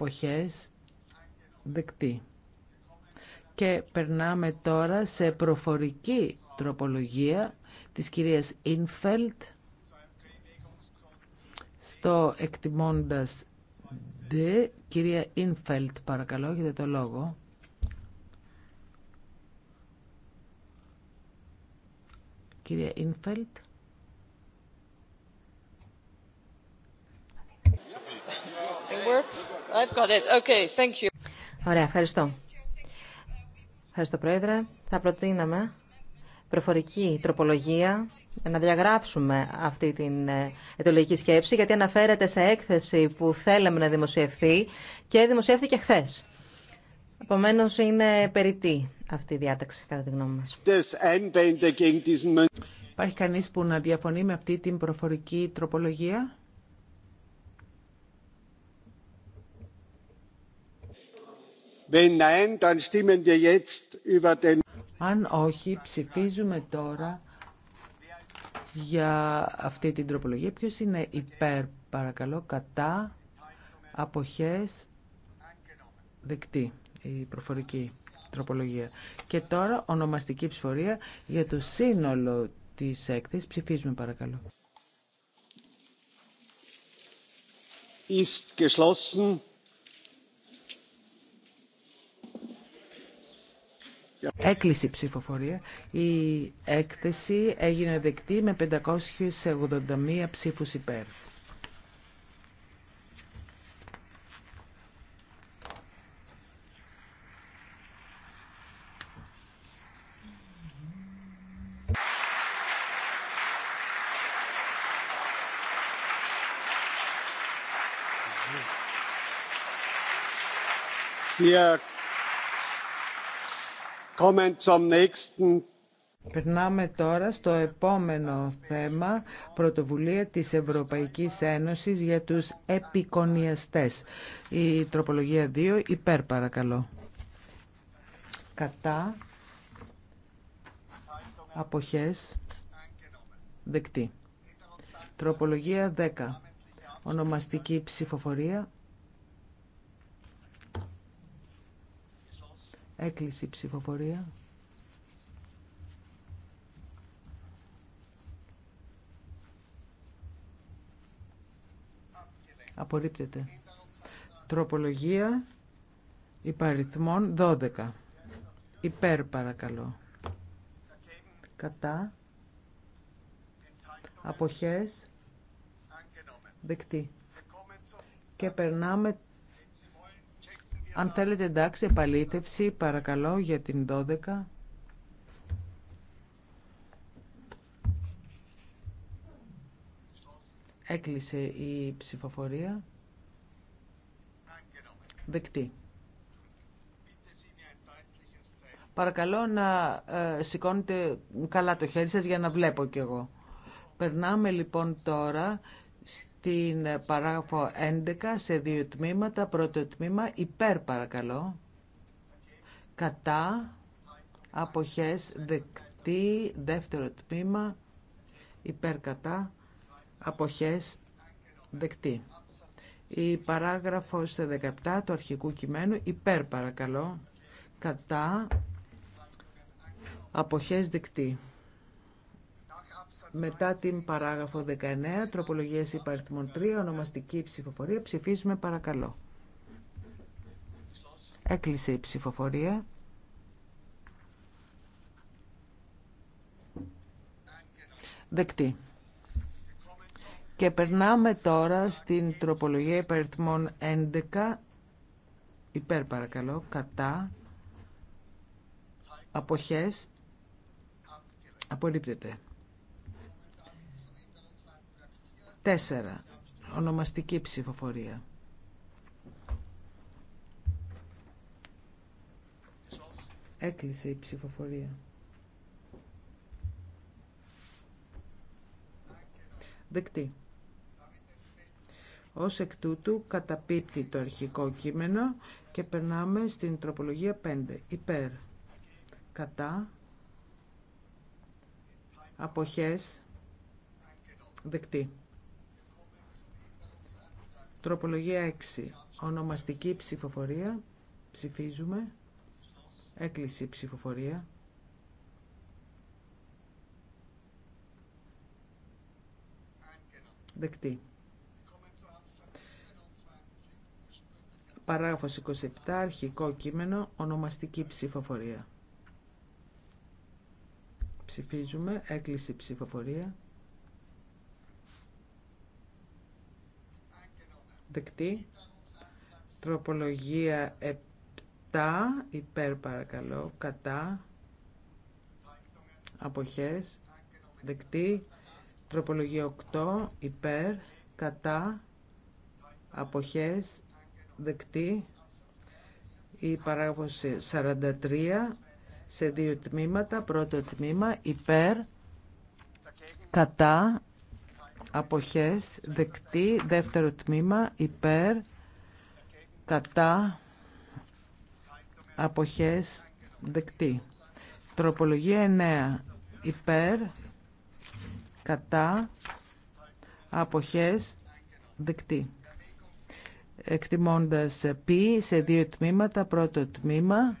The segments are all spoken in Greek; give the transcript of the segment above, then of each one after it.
εποχές δεκτή. Και περνάμε τώρα σε προφορική τροπολογία της κυρίας Ινφελτ στο εκτιμώντας D. Κυρία Ινφελτ, παρακαλώ, έχετε το λόγο. Κυρία Ινφελτ. Ωραία, ευχαριστώ. Ευχαριστώ, Πρόεδρε. Θα προτείναμε προφορική τροπολογία να διαγράψουμε αυτή την ε, αιτιολογική σκέψη, γιατί αναφέρεται σε έκθεση που θέλαμε να δημοσιευθεί και δημοσιεύθηκε χθε. Επομένω, είναι περιττή αυτή η διάταξη, κατά τη γνώμη μα. Υπάρχει κανεί που να διαφωνεί με αυτή την προφορική τροπολογία? Αν όχι, ψηφίζουμε τώρα για αυτή την τροπολογία. Ποιος είναι υπέρ, παρακαλώ, κατά, αποχές, δεκτή η προφορική τροπολογία. Και τώρα ονομαστική ψηφορία για το σύνολο της έκθεσης. Ψηφίζουμε παρακαλώ. Ist geschlossen. Έκλεισε η ψηφοφορία. Η έκθεση έγινε δεκτή με 581 ψήφους υπέρ. Yeah. Περνάμε τώρα στο επόμενο θέμα, πρωτοβουλία της Ευρωπαϊκής Ένωσης για τους επικονιαστές. Η τροπολογία 2, υπέρ παρακαλώ. Κατά, αποχές, δεκτή. Τροπολογία 10, ονομαστική ψηφοφορία, Έκλεισε η ψηφοφορία. Απορρίπτεται. Τροπολογία υπαριθμών 12. Υπέρ παρακαλώ. Κατά. Αποχές. Δεκτή. Και περνάμε αν θέλετε εντάξει, επαλήθευση, παρακαλώ, για την 12. Έκλεισε η ψηφοφορία. Δεκτή. Παρακαλώ να ε, σηκώνετε καλά το χέρι σας για να βλέπω κι εγώ. Περνάμε λοιπόν τώρα στην παράγραφο 11 σε δύο τμήματα. Πρώτο τμήμα υπέρ παρακαλώ. Κατά αποχές δεκτή. Δεύτερο τμήμα υπέρ κατά αποχές δεκτή. Η παράγραφος 17 του αρχικού κειμένου υπέρ παρακαλώ. Κατά αποχές δεκτή. Μετά την παράγραφο 19, τροπολογίες υπαριθμών 3, ονομαστική ψηφοφορία. Ψηφίζουμε παρακαλώ. Έκλεισε η ψηφοφορία. Δεκτή. Και περνάμε τώρα στην τροπολογία υπαριθμών 11, υπέρ παρακαλώ, κατά, αποχές, απορρίπτεται. Τέσσερα. Ονομαστική ψηφοφορία. Έκλεισε η ψηφοφορία. Δεκτή. Ως εκ τούτου καταπίπτει το αρχικό κείμενο και περνάμε στην τροπολογία 5. Υπέρ. Κατά. Αποχές. Δεκτή. Τροπολογία 6. Ονομαστική ψηφοφορία. Ψηφίζουμε. Έκλειση ψηφοφορία. Δεκτή. Παράγραφος 27. Αρχικό κείμενο. Ονομαστική ψηφοφορία. Ψηφίζουμε. Έκλειση ψηφοφορία. Τροπολογία 7. Υπέρ παρακαλώ. Κατά. Αποχές. Δεκτή. Τροπολογία 8. Υπέρ. Κατά. Αποχές. Δεκτή. Η παράγωση 43 σε δύο τμήματα. Πρώτο τμήμα υπέρ, κατά, αποχές δεκτή δεύτερο τμήμα υπέρ κατά αποχές δεκτή τροπολογία 9 υπέρ κατά αποχές δεκτή εκτιμώντας π σε δύο τμήματα πρώτο τμήμα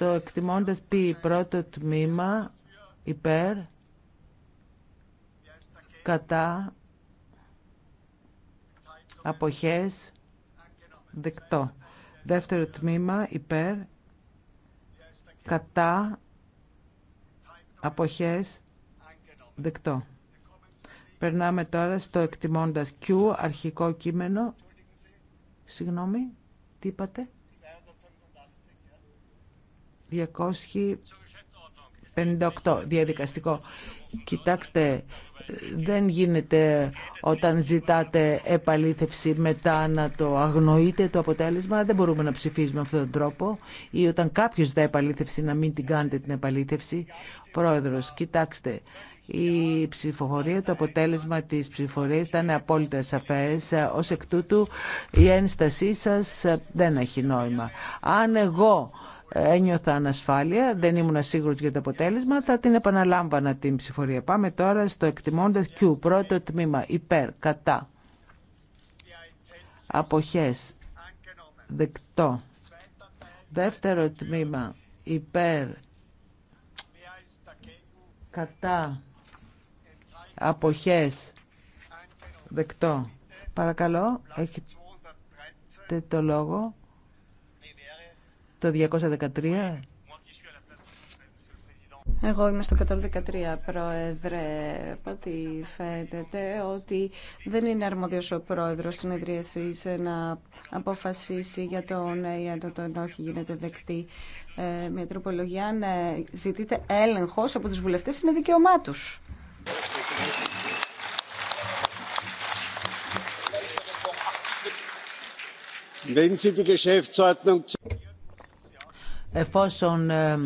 Το εκτιμώντας πει πρώτο τμήμα υπέρ, κατά, αποχές, δεκτό. Δεύτερο τμήμα υπέρ, κατά, αποχές, δεκτό. Περνάμε τώρα στο εκτιμώντας Q, αρχικό κείμενο. Συγγνώμη, τι είπατε. 258 διαδικαστικό. Κοιτάξτε, δεν γίνεται όταν ζητάτε επαλήθευση μετά να το αγνοείτε το αποτέλεσμα. Δεν μπορούμε να ψηφίζουμε αυτόν τον τρόπο. Ή όταν κάποιος ζητά επαλήθευση να μην την κάνετε την επαλήθευση. Πρόεδρος, κοιτάξτε, η ψηφοφορία, το αποτέλεσμα της ψηφοφορίας ήταν απόλυτα σαφές. Ως εκ τούτου η ένστασή σας δεν έχει νόημα. Αν εγώ ένιωθα ανασφάλεια, δεν ήμουν σίγουρο για το αποτέλεσμα, θα την επαναλάμβανα την ψηφορία. Πάμε τώρα στο εκτιμώντα Q, πρώτο τμήμα, υπέρ, κατά, αποχές, δεκτό. Δεύτερο τμήμα, υπέρ, κατά, αποχές, δεκτό. Παρακαλώ, έχετε το λόγο. Το 213. Εγώ είμαι στο 113, Πρόεδρε. Από ό,τι φαίνεται ότι δεν είναι αρμόδιος ο Πρόεδρος συνεδρίασης να αποφασίσει για το ναι ή το όχι γίνεται δεκτή ε, μια τροπολογία. να ζητείται έλεγχος από τους βουλευτές, είναι δικαίωμά εφόσον ε,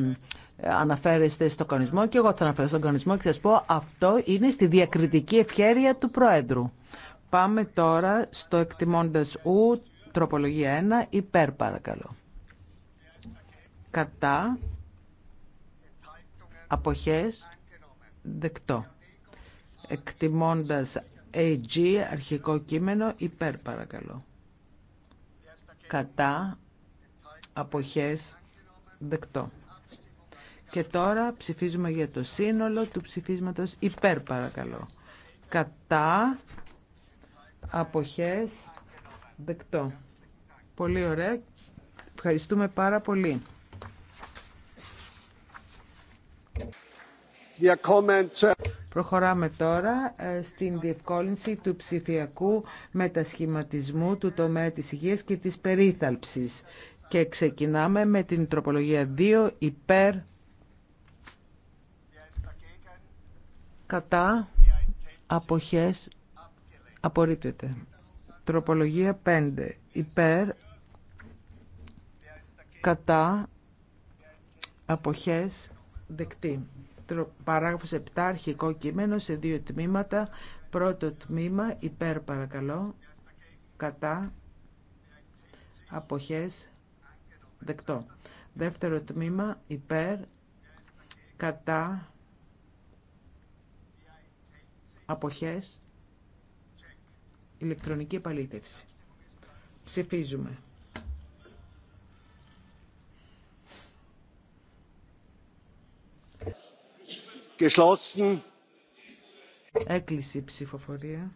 αναφέρεστε στο κανονισμό και εγώ θα αναφέρω στον κανονισμό και θα σας πω αυτό είναι στη διακριτική ευχέρεια του Προέδρου. Πάμε τώρα στο εκτιμώντας ου τροπολογία 1 υπέρ παρακαλώ. Κατά αποχές δεκτό. Εκτιμώντας AG αρχικό κείμενο υπέρ παρακαλώ. Κατά αποχές Δεκτό. Και τώρα ψηφίζουμε για το σύνολο του ψηφίσματος υπέρ παρακαλώ. Κατά αποχές δεκτό. Πολύ ωραία. Ευχαριστούμε πάρα πολύ. Uh, Προχωράμε τώρα ε, στην διευκόλυνση του ψηφιακού μετασχηματισμού του τομέα της υγείας και της περίθαλψης. Και ξεκινάμε με την τροπολογία 2 υπέρ κατά αποχές απορρίπτεται. Τροπολογία 5 υπέρ κατά αποχές δεκτή. Παράγραφος 7 αρχικό κείμενο σε δύο τμήματα. Πρώτο τμήμα υπέρ παρακαλώ κατά αποχές Δεκτό. Δεύτερο τμήμα υπέρ κατά αποχές ηλεκτρονική επαλήθευση. Ψηφίζουμε. Geschlossen. Έκλεισε η ψηφοφορία.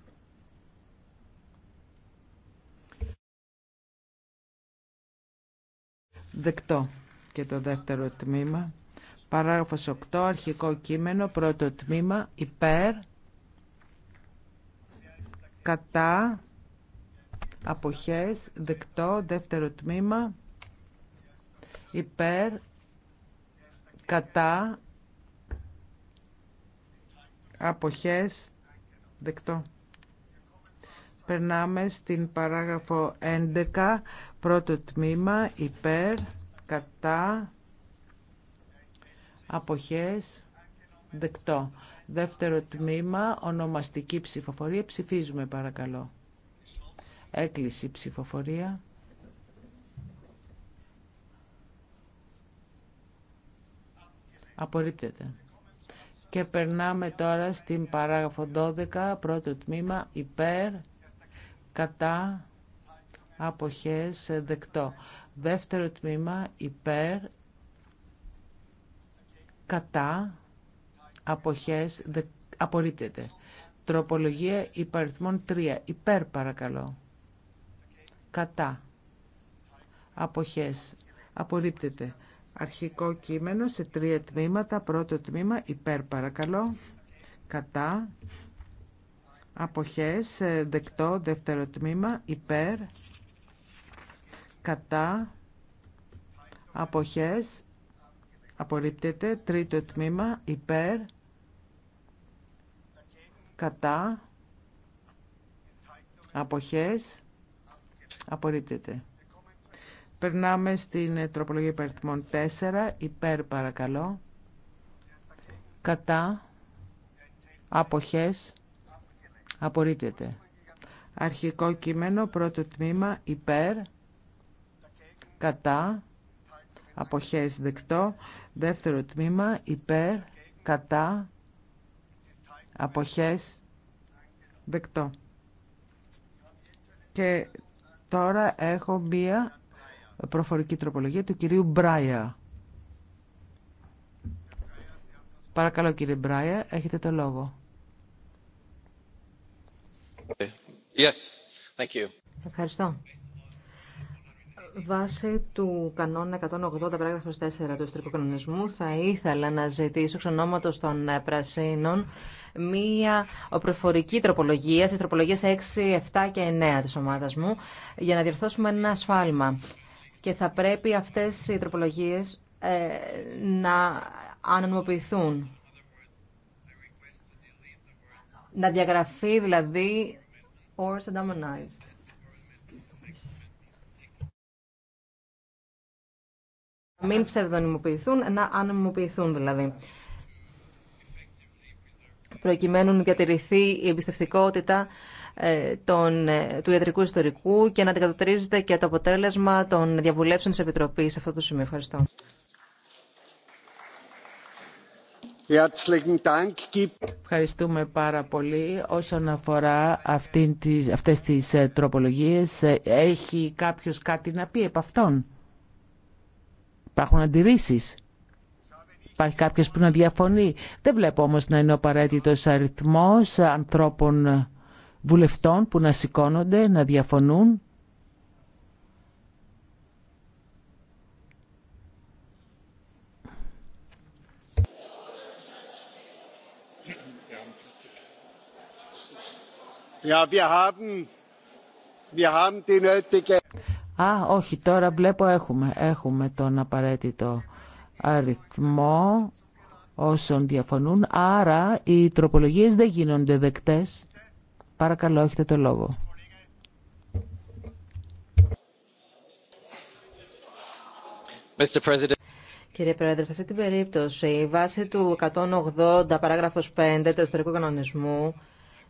Δεκτό και το δεύτερο τμήμα. Παράγραφος 8, αρχικό κείμενο, πρώτο τμήμα, υπέρ, κατά, αποχές, δεκτό, δεύτερο τμήμα, υπέρ, κατά, αποχές, δεκτό. Περνάμε στην παράγραφο 11, Πρώτο τμήμα υπέρ, κατά, αποχές, δεκτό. Δεύτερο τμήμα, ονομαστική ψηφοφορία. Ψηφίζουμε παρακαλώ. Έκλειση ψηφοφορία. Απορρίπτεται. Και περνάμε τώρα στην παράγραφο 12, πρώτο τμήμα, υπέρ, κατά, αποχές ε, δεκτό. Δεύτερο τμήμα υπέρ, κατά, αποχές δε, απορρίπτεται. Τροπολογία υπαριθμών 3. Υπέρ παρακαλώ. Κατά. Αποχές. Απορρίπτεται. Αρχικό κείμενο σε τρία τμήματα. Πρώτο τμήμα υπέρ παρακαλώ. Κατά. Αποχές. Ε, δεκτό. Δεύτερο τμήμα υπέρ κατά, αποχές, απορρίπτεται, τρίτο τμήμα, υπέρ, κατά, αποχές, απορρίπτεται. Περνάμε στην ε, τροπολογία υπαριθμών 4, υπέρ παρακαλώ, κατά, αποχές, απορρίπτεται. Αρχικό κείμενο, πρώτο τμήμα, υπέρ, κατά, αποχές δεκτό, δεύτερο τμήμα υπέρ, κατά, αποχές δεκτό. Και τώρα έχω μία προφορική τροπολογία του κυρίου Μπράια. Παρακαλώ κύριε Μπράια, έχετε το λόγο. Yes. Thank you. Ευχαριστώ. Βάσει του κανόνα 180 παράγραφος 4 του ιστορικού κανονισμού θα ήθελα να ζητήσω εξ των ε, Πρασίνων μία προφορική τροπολογία στις τροπολογίες 6, 7 και 9 της ομάδας μου για να διορθώσουμε ένα ασφάλμα. Και θα πρέπει αυτές οι τροπολογίες ε, να ανωνυμοποιηθούν. Να διαγραφεί δηλαδή or μην ψευδονιμοποιηθούν, να ανεμοποιηθούν δηλαδή. Προκειμένου να διατηρηθεί η εμπιστευτικότητα ε, ε, του ιατρικού ιστορικού και να αντικατοπτρίζεται και το αποτέλεσμα των διαβουλεύσεων της Επιτροπής σε αυτό το σημείο. Ευχαριστώ. Ευχαριστούμε πάρα πολύ. Όσον αφορά αυτέ αυτές τις ε, τροπολογίες, έχει κάποιος κάτι να πει επ' αυτών. Υπάρχουν αντιρρήσει. Υπάρχει κάποιο που να διαφωνεί. Δεν βλέπω όμω να είναι απαραίτητο αριθμό ανθρώπων βουλευτών που να σηκώνονται, να διαφωνούν. Α, όχι, τώρα βλέπω έχουμε, έχουμε τον απαραίτητο αριθμό όσων διαφωνούν, άρα οι τροπολογίες δεν γίνονται δεκτές. Παρακαλώ, έχετε το λόγο. Κύριε Πρόεδρε, σε αυτή την περίπτωση, η βάση του 180 παράγραφος 5 του ιστορικού κανονισμού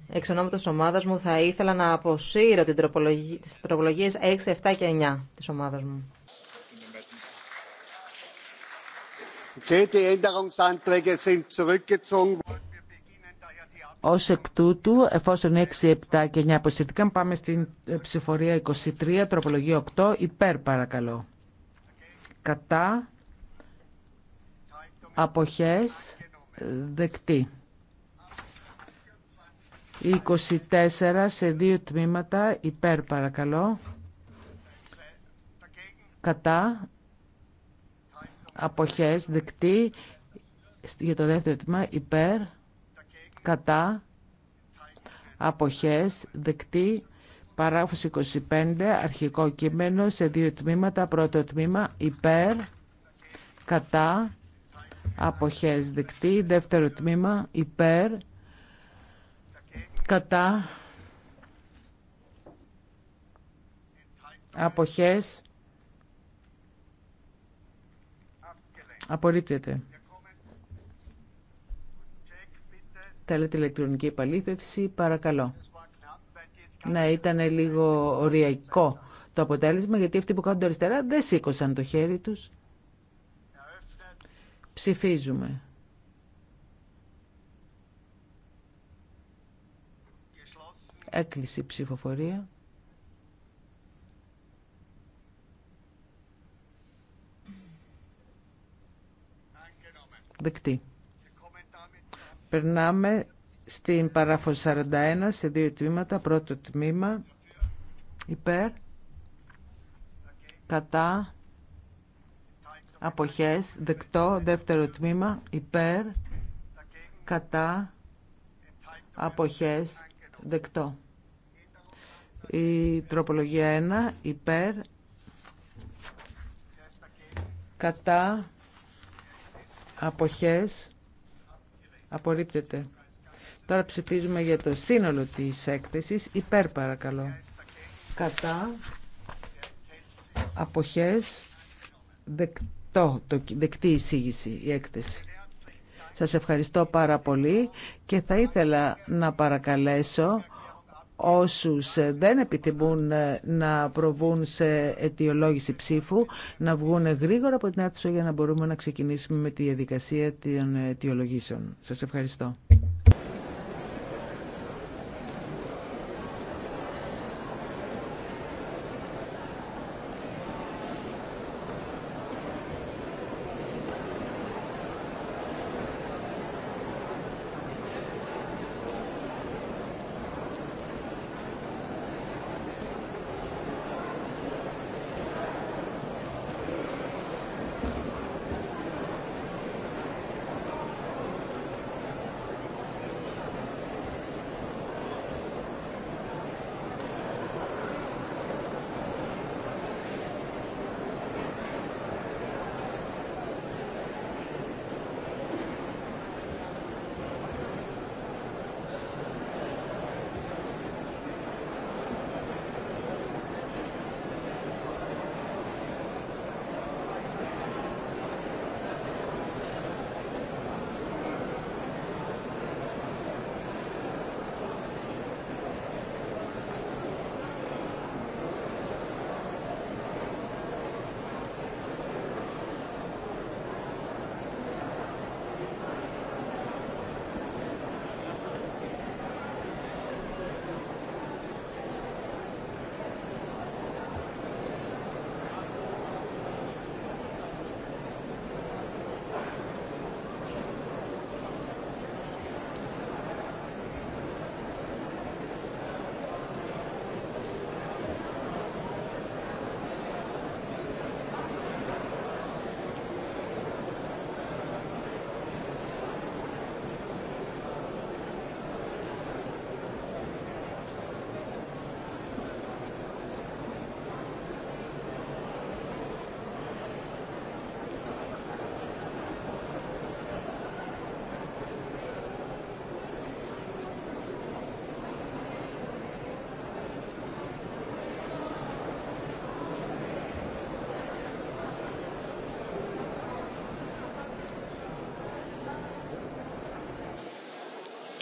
Εξ ονόματος ομάδας μου θα ήθελα να αποσύρω την τροπολογία, τις τροπολογίες 6, 7 και 9 της ομάδας μου. Ω εκ τούτου, εφόσον 6, 7 και 9 αποσυρθήκαν, πάμε στην ε, ψηφορία 23, τροπολογία 8, υπέρ παρακαλώ. Κατά, αποχές, ε, δεκτή. 24 σε δύο τμήματα υπέρ παρακαλώ κατά αποχές δεκτή για το δεύτερο τμήμα υπέρ κατά αποχές δεκτή παράγραφος 25 αρχικό κείμενο σε δύο τμήματα πρώτο τμήμα υπέρ κατά αποχές δεκτή δεύτερο τμήμα υπέρ κατά αποχές απορρίπτεται. Θέλετε ηλεκτρονική επαλήθευση, παρακαλώ. να ήταν λίγο οριακό το αποτέλεσμα, γιατί αυτοί που κάνουν το αριστερά δεν σήκωσαν το χέρι τους. Ψηφίζουμε. Έκλεισε η ψηφοφορία. Δεκτή. Περνάμε στην παράφορ 41 σε δύο τμήματα. Πρώτο τμήμα υπέρ, κατά, αποχές, δεκτό. Δεύτερο τμήμα υπέρ, κατά, αποχές, Δεκτό. Η τροπολογία 1 υπέρ κατά αποχές απορρίπτεται. Τώρα ψηφίζουμε για το σύνολο της έκθεσης υπέρ παρακαλώ. Κατά αποχές δεκτό, το, δεκτή εισήγηση η έκθεση. Σας ευχαριστώ πάρα πολύ και θα ήθελα να παρακαλέσω όσους δεν επιθυμούν να προβούν σε αιτιολόγηση ψήφου να βγουν γρήγορα από την αίθουσα για να μπορούμε να ξεκινήσουμε με τη διαδικασία των αιτιολογήσεων. Σας ευχαριστώ.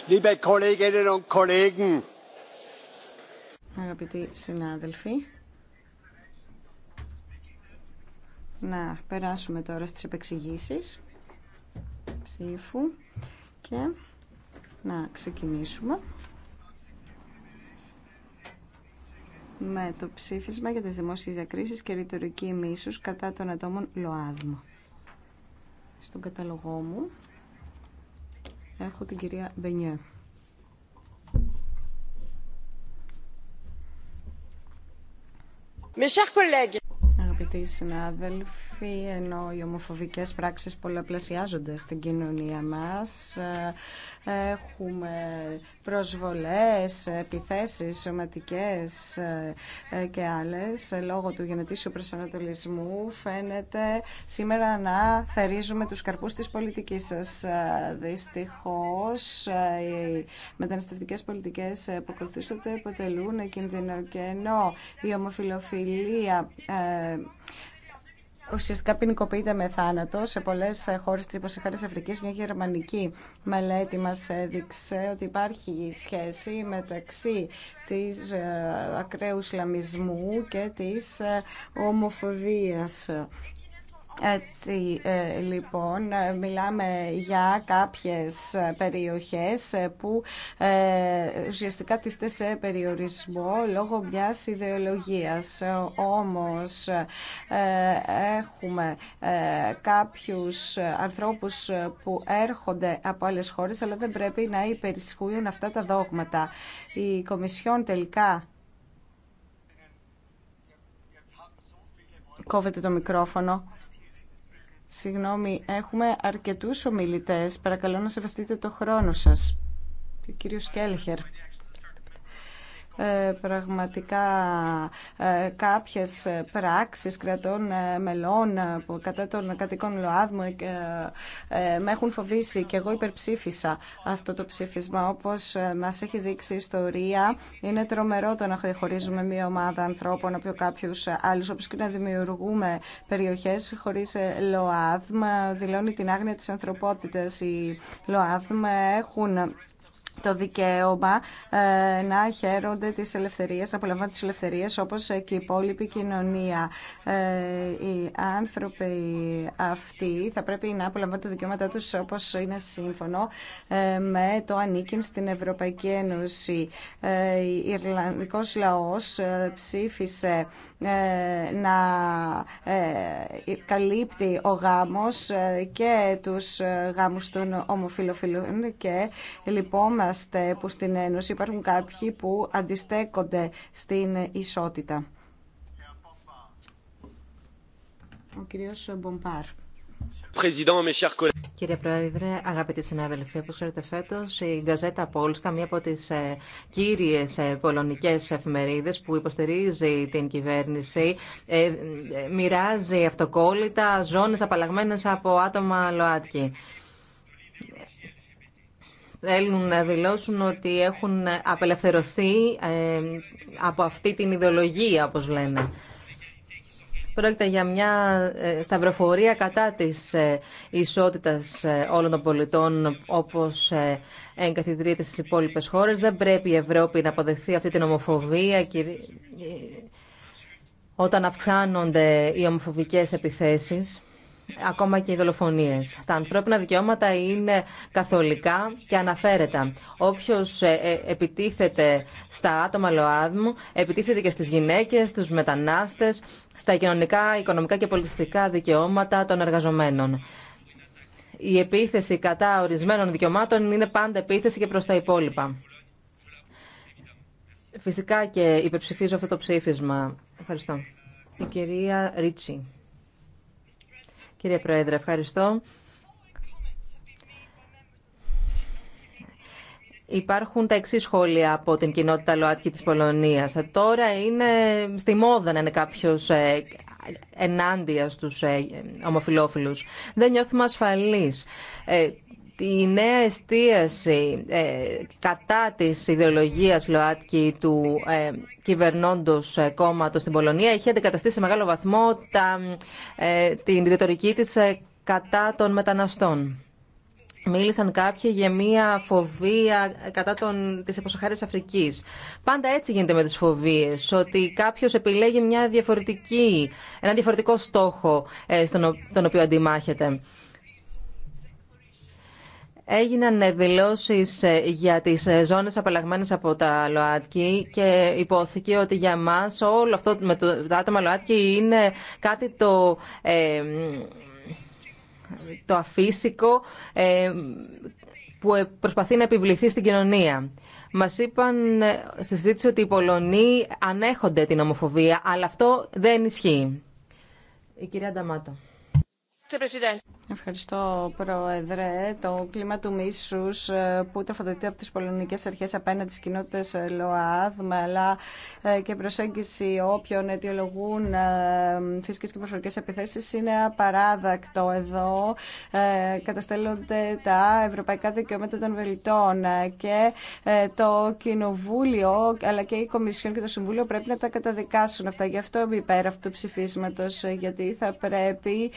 Liebe Kolleginnen und Kollegen. Αγαπητοί συνάδελφοι, να περάσουμε τώρα στις επεξηγήσεις ψήφου και να ξεκινήσουμε με το ψήφισμα για τις δημόσιες διακρίσεις και ρητορική μίσους κατά των ατόμων λοαδμό Στον καταλογό μου Έχω την κυρία Μπενιέ. Αγαπητοί συνάδελφοι, ενώ οι ομοφοβικές πράξεις πολλαπλασιάζονται στην κοινωνία μας. Έχουμε προσβολές, επιθέσεις σωματικές ε, και άλλες λόγω του γενετήσου προσανατολισμού φαίνεται σήμερα να θερίζουμε τους καρπούς της πολιτικής σας. Δυστυχώς οι μεταναστευτικές πολιτικές που ακολουθούσατε αποτελούν κίνδυνο ενώ η ομοφιλοφιλία ε, ουσιαστικά ποινικοποιείται με θάνατο σε πολλέ χώρε τη υποσυχάρη Αφρική. Μια γερμανική μελέτη μα έδειξε ότι υπάρχει σχέση μεταξύ τη ε, ακραίου Ισλαμισμού και τη ε, ομοφοβία. Έτσι ε, λοιπόν ε, μιλάμε για κάποιες περιοχές ε, που ουσιαστικά τίθεται σε περιορισμό λόγω μιας ιδεολογίας. Όμως έχουμε κάποιους ανθρώπους που έρχονται από άλλες χώρες αλλά δεν πρέπει να υπερισχύουν αυτά τα δόγματα. Η Κομισιόν τελικά κόβεται το μικρόφωνο. Συγγνώμη, έχουμε αρκετούς ομιλητές. Παρακαλώ να σεβαστείτε το χρόνο σας. Ο κύριος Κέλχερ. Ε, πραγματικά ε, κάποιες πράξεις κρατών ε, μελών κατά των κατοικών ΛΟΑΔΜΟ με έχουν φοβήσει και εγώ υπερψήφισα αυτό το ψήφισμα όπως μας έχει δείξει η ιστορία είναι τρομερό το να χωρίζουμε μια ομάδα ανθρώπων από κάποιους άλλους όπως και να δημιουργούμε περιοχές χωρίς ΛΟΑΔΜ δηλώνει την άγνοια της ανθρωπότητας οι ΛΟΑΔΜ έχουν το δικαίωμα ε, να χαίρονται τις ελευθερίες, να απολαμβάνουν τις ελευθερίες όπως και η υπόλοιπη κοινωνία. Ε, οι άνθρωποι αυτοί θα πρέπει να απολαμβάνουν τα δικαιώματά τους όπως είναι σύμφωνο ε, με το ανήκειν στην Ευρωπαϊκή Ένωση. Ε, ο Ιρλανδικός λαός ψήφισε να καλύπτει ο γάμος και τους γάμους των ομοφιλοφιλών και λοιπόν που στην Ένωση υπάρχουν κάποιοι που αντιστέκονται στην ισότητα. Ο κύριος Μπομπάρ. Κύριε Πρόεδρε, αγαπητοί συνάδελφοι, όπω ξέρετε φέτο, η Γκαζέτα Πόλσκα, μία από τι ε, κύριε πολωνικέ εφημερίδε που υποστηρίζει την κυβέρνηση, ε, μοιράζει αυτοκόλλητα ζώνε απαλλαγμένε από άτομα ΛΟΑΤΚΙ θέλουν να δηλώσουν ότι έχουν απελευθερωθεί ε, από αυτή την ιδεολογία, όπως λένε. Πρόκειται για μια ε, σταυροφορία κατά της ε, ισότητας όλων των πολιτών, όπως εγκαθιδρύεται στις υπόλοιπες χώρες. Δεν πρέπει η Ευρώπη να αποδεχθεί αυτή την ομοφοβία όταν αυξάνονται οι ομοφοβικές επιθέσεις ακόμα και οι δολοφονίες. Τα ανθρώπινα δικαιώματα είναι καθολικά και αναφέρετα. Όποιος ε, ε, επιτίθεται στα άτομα ΛΟΑΔΜΟΥ, επιτίθεται και στις γυναίκες, στους μετανάστες, στα κοινωνικά, οικονομικά και πολιτιστικά δικαιώματα των εργαζομένων. Η επίθεση κατά ορισμένων δικαιωμάτων είναι πάντα επίθεση και προς τα υπόλοιπα. Φυσικά και υπερψηφίζω αυτό το ψήφισμα. Ευχαριστώ. Η κυρία Ρίτσι. Κύριε Πρόεδρε, ευχαριστώ. Υπάρχουν τα εξή σχόλια από την κοινότητα ΛΟΑΤΚΙ της Πολωνίας. Τώρα είναι στη μόδα να είναι κάποιος ε, ενάντια στους ε, ομοφιλόφιλους. Δεν νιώθουμε ασφαλείς. Ε, η νέα εστίαση ε, κατά της ιδεολογίας ΛΟΑΤΚΙ του ε, κυβερνώντος ε, κόμματος στην Πολωνία είχε αντικαταστήσει σε μεγάλο βαθμό τα, την ρητορική της κατά των μεταναστών. Μίλησαν κάποιοι για μια φοβία κατά των, της εποσοχάρης Αφρικής. Πάντα έτσι γίνεται με τις φοβίες, ότι κάποιος επιλέγει μια διαφορετική, ένα διαφορετικό στόχο στον, τον οποίο αντιμάχεται. Έγιναν δηλώσει ε, για τις ε, ζώνες απαλλαγμένε από τα ΛΟΑΤΚΙ και υπόθηκε ότι για μας όλο αυτό με το, τα άτομα ΛΟΑΤΚΙ είναι κάτι το, ε, αφύσικο που προσπαθεί να επιβληθεί στην κοινωνία. Μας είπαν στη συζήτηση ότι οι Πολωνοί ανέχονται την ομοφοβία, αλλά αυτό δεν ισχύει. Η κυρία Νταμάτο. Ευχαριστώ, Πρόεδρε. Το κλίμα του μίσου ε, που τροφοδοτεί από τι πολωνικέ αρχέ απέναντι στι κοινότητε ε, ΛΟΑΔ αλλά ε, και προσέγγιση όποιων αιτιολογούν φυσικέ και προφορικέ επιθέσει, είναι απαράδεκτο Εδώ καταστέλλονται τα ευρωπαϊκά δικαιώματα των βελτών και το Κοινοβούλιο, αλλά και η Κομισιόν και το Συμβούλιο πρέπει να τα καταδικάσουν αυτά. Γι' αυτό είμαι υπέρ αυτού του ψηφίσματο, γιατί θα πρέπει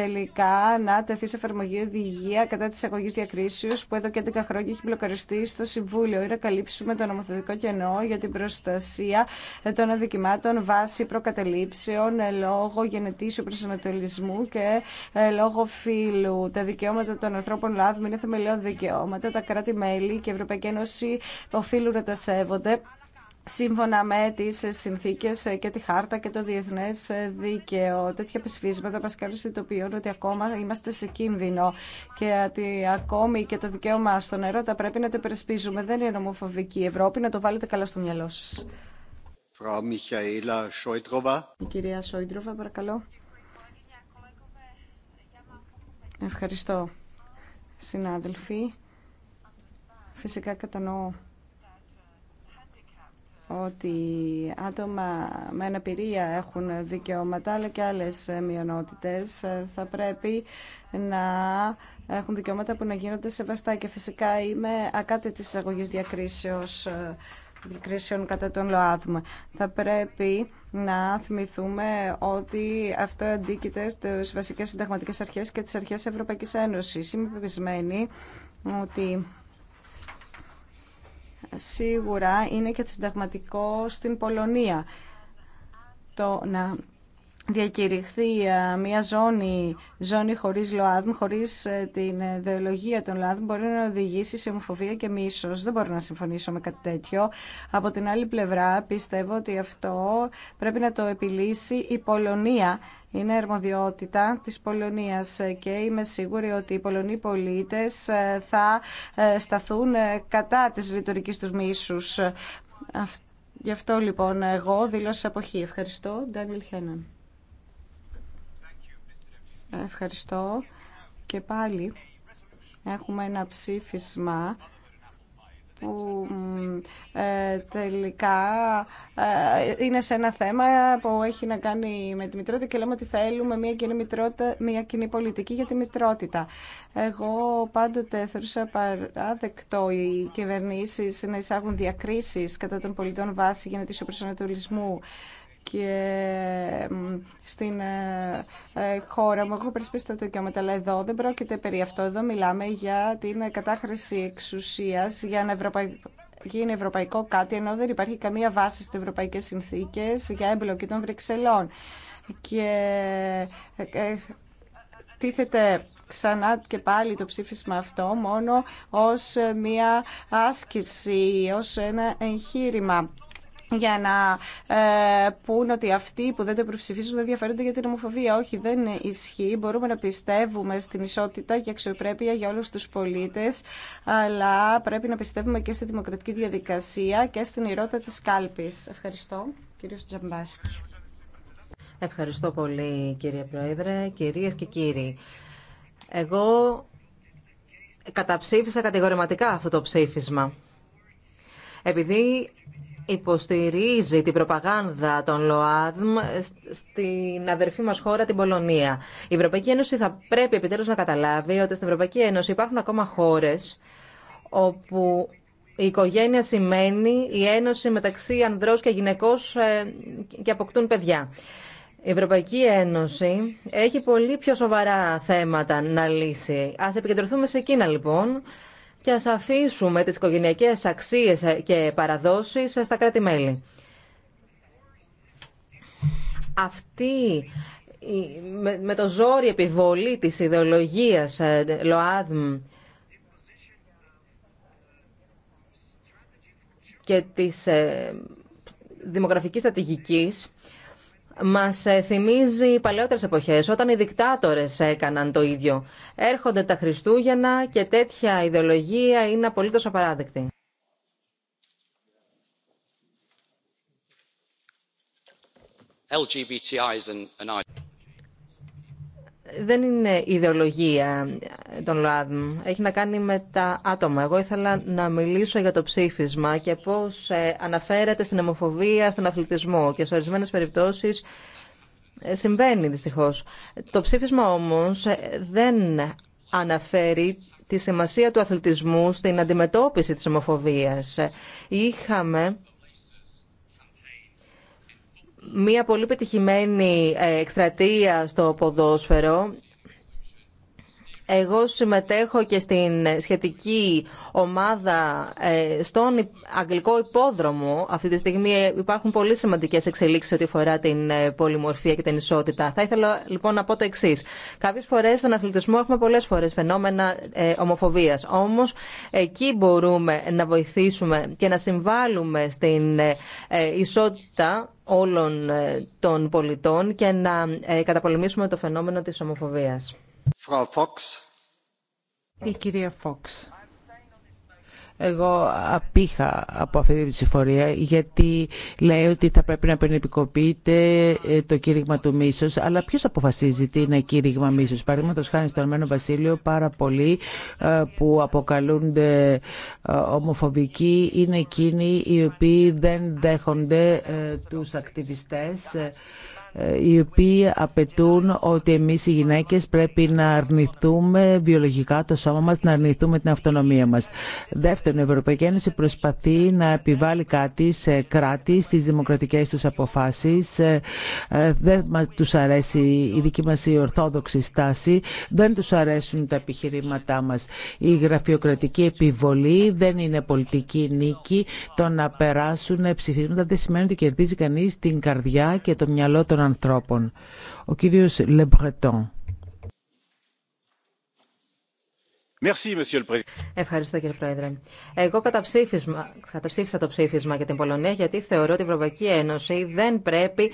τελικά να τεθεί σε εφαρμογή οδηγία κατά τη αγωγή διακρίσεω που εδώ και 11 χρόνια έχει μπλοκαριστεί στο Συμβούλιο ή να καλύψουμε το νομοθετικό κενό για την προστασία των αδικημάτων βάσει προκατελήψεων ε, λόγω γενετήσιου προσανατολισμού και ε, λόγω φύλου. Τα δικαιώματα των ανθρώπων λάδου είναι θεμελιώδη δικαιώματα. Τα κράτη-μέλη και η Ευρωπαϊκή Ένωση οφείλουν να τα σέβονται σύμφωνα με τις συνθήκες και τη χάρτα και το διεθνές δίκαιο. Τέτοια ψηφίσματα μας καλούν συνειδητοποιούν ότι ακόμα είμαστε σε κίνδυνο και ότι ακόμη και το δικαίωμα στο νερό πρέπει να το υπερασπίζουμε. Δεν είναι νομοφοβική η Ευρώπη, να το βάλετε καλά στο μυαλό σας. κυρία Σόιντροβα, παρακαλώ. Ευχαριστώ, συνάδελφοι. Φυσικά κατανοώ ότι άτομα με αναπηρία έχουν δικαιώματα αλλά και άλλες μειονότητες θα πρέπει να έχουν δικαιώματα που να γίνονται σεβαστά και φυσικά είμαι ακάτε της εισαγωγής διακρίσεως διακρίσεων κατά τον ΛΟΑΔΜ. Θα πρέπει να θυμηθούμε ότι αυτό αντίκειται στις βασικές συνταγματικές αρχές και τις αρχές Ευρωπαϊκής Ένωσης. Είμαι ότι σίγουρα είναι και συνταγματικό στην Πολωνία. Το να διακηρυχθεί ε, μια ζώνη, ζώνη χωρίς ΛΟΑΔΜ, χωρίς ε, την ιδεολογία των ΛΟΑΔΜ, μπορεί να οδηγήσει σε ομοφοβία και μίσος. Δεν μπορώ να συμφωνήσω με κάτι τέτοιο. Από την άλλη πλευρά πιστεύω ότι αυτό πρέπει να το επιλύσει η Πολωνία. Είναι ερμοδιότητα της Πολωνίας και είμαι σίγουρη ότι οι Πολωνοί πολίτες ε, θα σταθούν κατά της ρητορικής τους μίσους. Γι' αυτό λοιπόν εγώ δήλωσα αποχή. Ευχαριστώ. Ντάνιλ Χέναν. Ευχαριστώ. Και πάλι έχουμε ένα ψήφισμα που ε, τελικά ε, είναι σε ένα θέμα που έχει να κάνει με τη μητρότητα και λέμε ότι θέλουμε μια κοινή, μητρότητα, μια κοινή πολιτική για τη μητρότητα. Εγώ πάντοτε θεωρούσα παράδεκτο οι κυβερνήσει να εισάγουν διακρίσεις κατά των πολιτών βάση γενετήσεων προσανατολισμού και στην ε, ε, χώρα μου. Έχω περισπίσει τα δικαιώματα, αλλά εδώ δεν πρόκειται περί αυτό. Εδώ μιλάμε για την κατάχρηση εξουσίας, για να ευρωπαϊκό γίνει ευρωπαϊκό κάτι, ενώ δεν υπάρχει καμία βάση στις ευρωπαϊκές συνθήκες για εμπλοκή των Βρυξελών. Και ε, τίθεται ξανά και πάλι το ψήφισμα αυτό μόνο ως μία άσκηση, ως ένα εγχείρημα για να ε, πούν ότι αυτοί που δεν το υπερψηφίζουν δεν ενδιαφέρονται για την ομοφοβία. Όχι, δεν ισχύει. Μπορούμε να πιστεύουμε στην ισότητα και αξιοπρέπεια για όλους τους πολίτες, αλλά πρέπει να πιστεύουμε και στη δημοκρατική διαδικασία και στην ηρότητα της κάλπης. Ευχαριστώ, κύριος Τζαμπάσκη. Ευχαριστώ πολύ, κύριε Πρόεδρε, κυρίες και κύριοι. Εγώ καταψήφισα κατηγορηματικά αυτό το ψήφισμα. Επειδή υποστηρίζει την προπαγάνδα των ΛΟΑΔΜ στην αδερφή μας χώρα, την Πολωνία. Η Ευρωπαϊκή Ένωση θα πρέπει επιτέλους να καταλάβει ότι στην Ευρωπαϊκή Ένωση υπάρχουν ακόμα χώρες όπου η οικογένεια σημαίνει η ένωση μεταξύ ανδρός και γυναικός ε, και αποκτούν παιδιά. Η Ευρωπαϊκή Ένωση έχει πολύ πιο σοβαρά θέματα να λύσει. Ας επικεντρωθούμε σε εκείνα λοιπόν και ας αφήσουμε τις οικογενειακές αξίες ε, και παραδόσεις ε, στα κράτη-μέλη. Αυτή με το ζόρι επιβολή της ιδεολογίας ε, ΛΟΑΔΜ και της δημογραφικής στρατηγικής μας ε, θυμίζει παλαιότερε εποχέ, όταν οι δικτάτορες έκαναν το ίδιο. Έρχονται τα Χριστούγεννα και τέτοια ιδεολογία είναι απολύτω απαράδεκτη. LGBTIs δεν είναι ιδεολογία των ΛΟΑΔΜ. Έχει να κάνει με τα άτομα. Εγώ ήθελα να μιλήσω για το ψήφισμα και πώς ε, αναφέρεται στην αιμοφοβία, στον αθλητισμό και σε ορισμένες περιπτώσεις ε, συμβαίνει δυστυχώς. Το ψήφισμα όμως ε, δεν αναφέρει τη σημασία του αθλητισμού στην αντιμετώπιση της αιμοφοβίας. Είχαμε μία πολύ πετυχημένη ε, εκστρατεία στο ποδόσφαιρο εγώ συμμετέχω και στην σχετική ομάδα ε, στον αγγλικό υπόδρομο. Αυτή τη στιγμή υπάρχουν πολύ σημαντικές εξελίξεις ό,τι αφορά την ε, πολυμορφία και την ισότητα. Θα ήθελα λοιπόν να πω το εξή. Κάποιε φορέ στον αθλητισμό έχουμε πολλέ φορέ φαινόμενα ε, ομοφοβία. Όμω εκεί μπορούμε να βοηθήσουμε και να συμβάλλουμε στην ισότητα όλων των πολιτών και να καταπολεμήσουμε το φαινόμενο της ομοφοβίας. Η κυρία Φόξ. Εγώ απήχα από αυτή την ψηφορία γιατί λέει ότι θα πρέπει να πενεπικοποιείται ε, το κήρυγμα του μίσους. Αλλά ποιος αποφασίζει τι είναι κήρυγμα μίσους. Παραδείγματο χάνει στο Αρμένο Βασίλειο πάρα πολλοί ε, που αποκαλούνται ε, ομοφοβικοί είναι εκείνοι οι οποίοι δεν δέχονται τους ακτιβιστές οι οποίοι απαιτούν ότι εμείς οι γυναίκες πρέπει να αρνηθούμε βιολογικά το σώμα μας, να αρνηθούμε την αυτονομία μας. Δεύτερον, η Ευρωπαϊκή Ένωση προσπαθεί να επιβάλλει κάτι σε κράτη στις δημοκρατικές τους αποφάσεις. Ε, ε, δεν τους αρέσει η δική μας ορθόδοξη στάση, δεν τους αρέσουν τα επιχειρήματά μας. Η γραφειοκρατική επιβολή δεν είναι πολιτική νίκη. Το να περάσουν ψηφίσματα δεν σημαίνει ότι κερδίζει κανείς την καρδιά και το μυαλό των ο κύριος Λεμπρετόν. Ευχαριστώ κύριε Πρόεδρε. Εγώ καταψήφισμα, καταψήφισα το ψήφισμα για την Πολωνία γιατί θεωρώ ότι η Ευρωπαϊκή Ένωση δεν πρέπει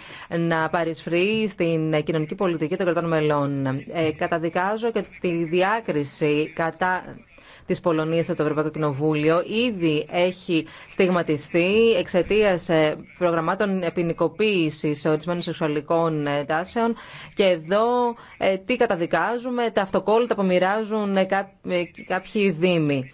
να παρισφρεί στην κοινωνική πολιτική των κρατών μελών. Ε, καταδικάζω και τη διάκριση κατά της Πολωνίας από το Ευρωπαϊκό Κοινοβούλιο ήδη έχει στιγματιστεί εξαιτία ε, προγραμμάτων ποινικοποίηση ορισμένων σεξουαλικών ε, τάσεων και εδώ ε, τι καταδικάζουμε, τα αυτοκόλλητα που μοιράζουν κάποιοι δήμοι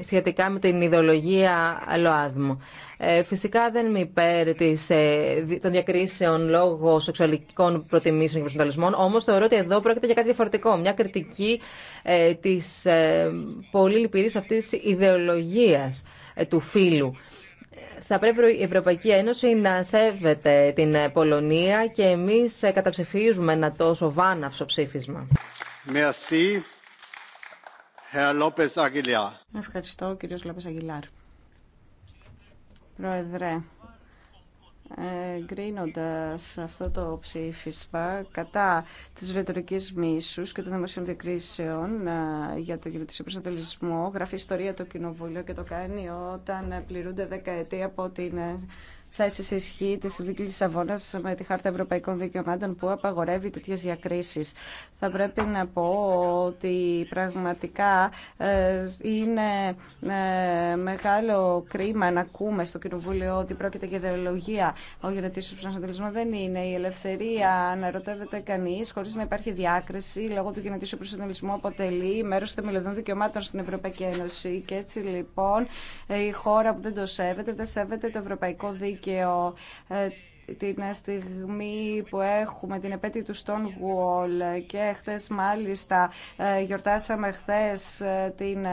σχετικά με την ιδεολογία ΛΟΑΔΜΟ. Ε, φυσικά δεν είμαι υπέρ της, ε, των διακρίσεων λόγω σεξουαλικών προτιμήσεων και προσανατολισμών, όμως θεωρώ ότι εδώ πρόκειται για κάτι διαφορετικό. Μια κριτική ε, της πολύ λυπηρής αυτής ιδεολογίας του φίλου Θα πρέπει η Ευρωπαϊκή Ένωση να σέβεται την Πολωνία και εμείς καταψηφίζουμε ένα τόσο βάναυσο ψήφισμα. Ευχαριστώ, κύριος Λόπες Αγγιλάρ. Πρόεδρε, εγκρίνοντας αυτό το ψήφισμα κατά της ρητορική μίσους και των δημοσίων διακρίσεων ε, για το κοινωτικό προσανατολισμό, γράφει ιστορία το Κοινοβούλιο και το κάνει όταν πληρούνται δεκαετία από την ε, θέση σε ισχύ τη Συνδίκη Λισαβόνα με τη Χάρτα Ευρωπαϊκών Δικαιωμάτων που απαγορεύει τέτοιε διακρίσει. Θα πρέπει να πω ότι πραγματικά ε, είναι ε, μεγάλο κρίμα να ακούμε στο Κοινοβούλιο ότι πρόκειται για ιδεολογία. Ο γενετήσιο προσανατολισμό δεν είναι η ελευθερία, να ρωτεύεται κανεί, χωρί να υπάρχει διάκριση λόγω του γενετήσιου προσανατολισμού, αποτελεί μέρο μελλοντών δικαιωμάτων στην Ευρωπαϊκή Ένωση. Και έτσι λοιπόν η χώρα που δεν το σέβεται, δεν σέβεται το ευρωπαϊκό δίκαιο δίκαιο ε, την στιγμή που έχουμε την επέτειο του Stonewall και χθες μάλιστα ε, γιορτάσαμε χθες ε, την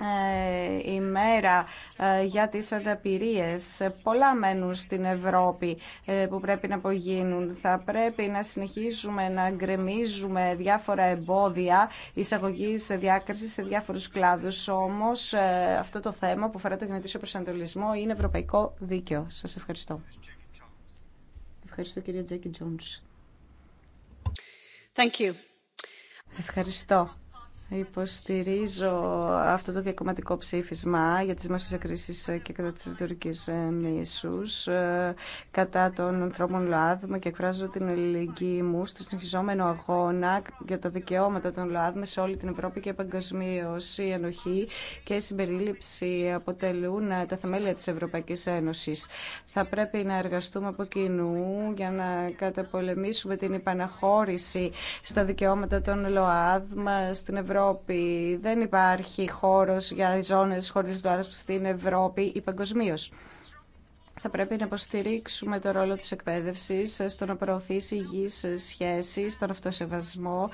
ε, ημέρα ε, για τις αναπηρίες. Πολλά μένουν στην Ευρώπη ε, που πρέπει να απογίνουν. Θα πρέπει να συνεχίζουμε να γκρεμίζουμε διάφορα εμπόδια εισαγωγή σε διάκριση σε διάφορους κλάδους. Όμως αυτό το θέμα που αφορά το γενετήσιο προσανατολισμό είναι ευρωπαϊκό δίκαιο. Σας ευχαριστώ. Ευχαριστώ κυρία Τζέκι Τζόντς. Ευχαριστώ. Υποστηρίζω αυτό το διακομματικό ψήφισμα για τις δημόσιες εκκρίσεις και κατά της λειτουργικής ε, μίσους ε, κατά των ανθρώπων ΛΟΑΔΜΑ και εκφράζω την ελληνική μου στο συνεχιζόμενο αγώνα για τα δικαιώματα των ΛΟΑΔΜΑ σε όλη την Ευρώπη και παγκοσμίω. Η ενοχή και η συμπερίληψη αποτελούν ε, τα θεμέλια της Ευρωπαϊκής Ένωσης. Θα πρέπει να εργαστούμε από κοινού για να καταπολεμήσουμε την υπαναχώρηση στα δικαιώματα των ΛΟΑΔΜΑ στην Ευρώπη. Δεν υπάρχει χώρος για ζώνες χωρίς δουλειά στην Ευρώπη ή παγκοσμίω. Θα πρέπει να υποστηρίξουμε το ρόλο της εκπαίδευσης στο να προωθήσει υγιείς σχέσεις, στον αυτοσεβασμό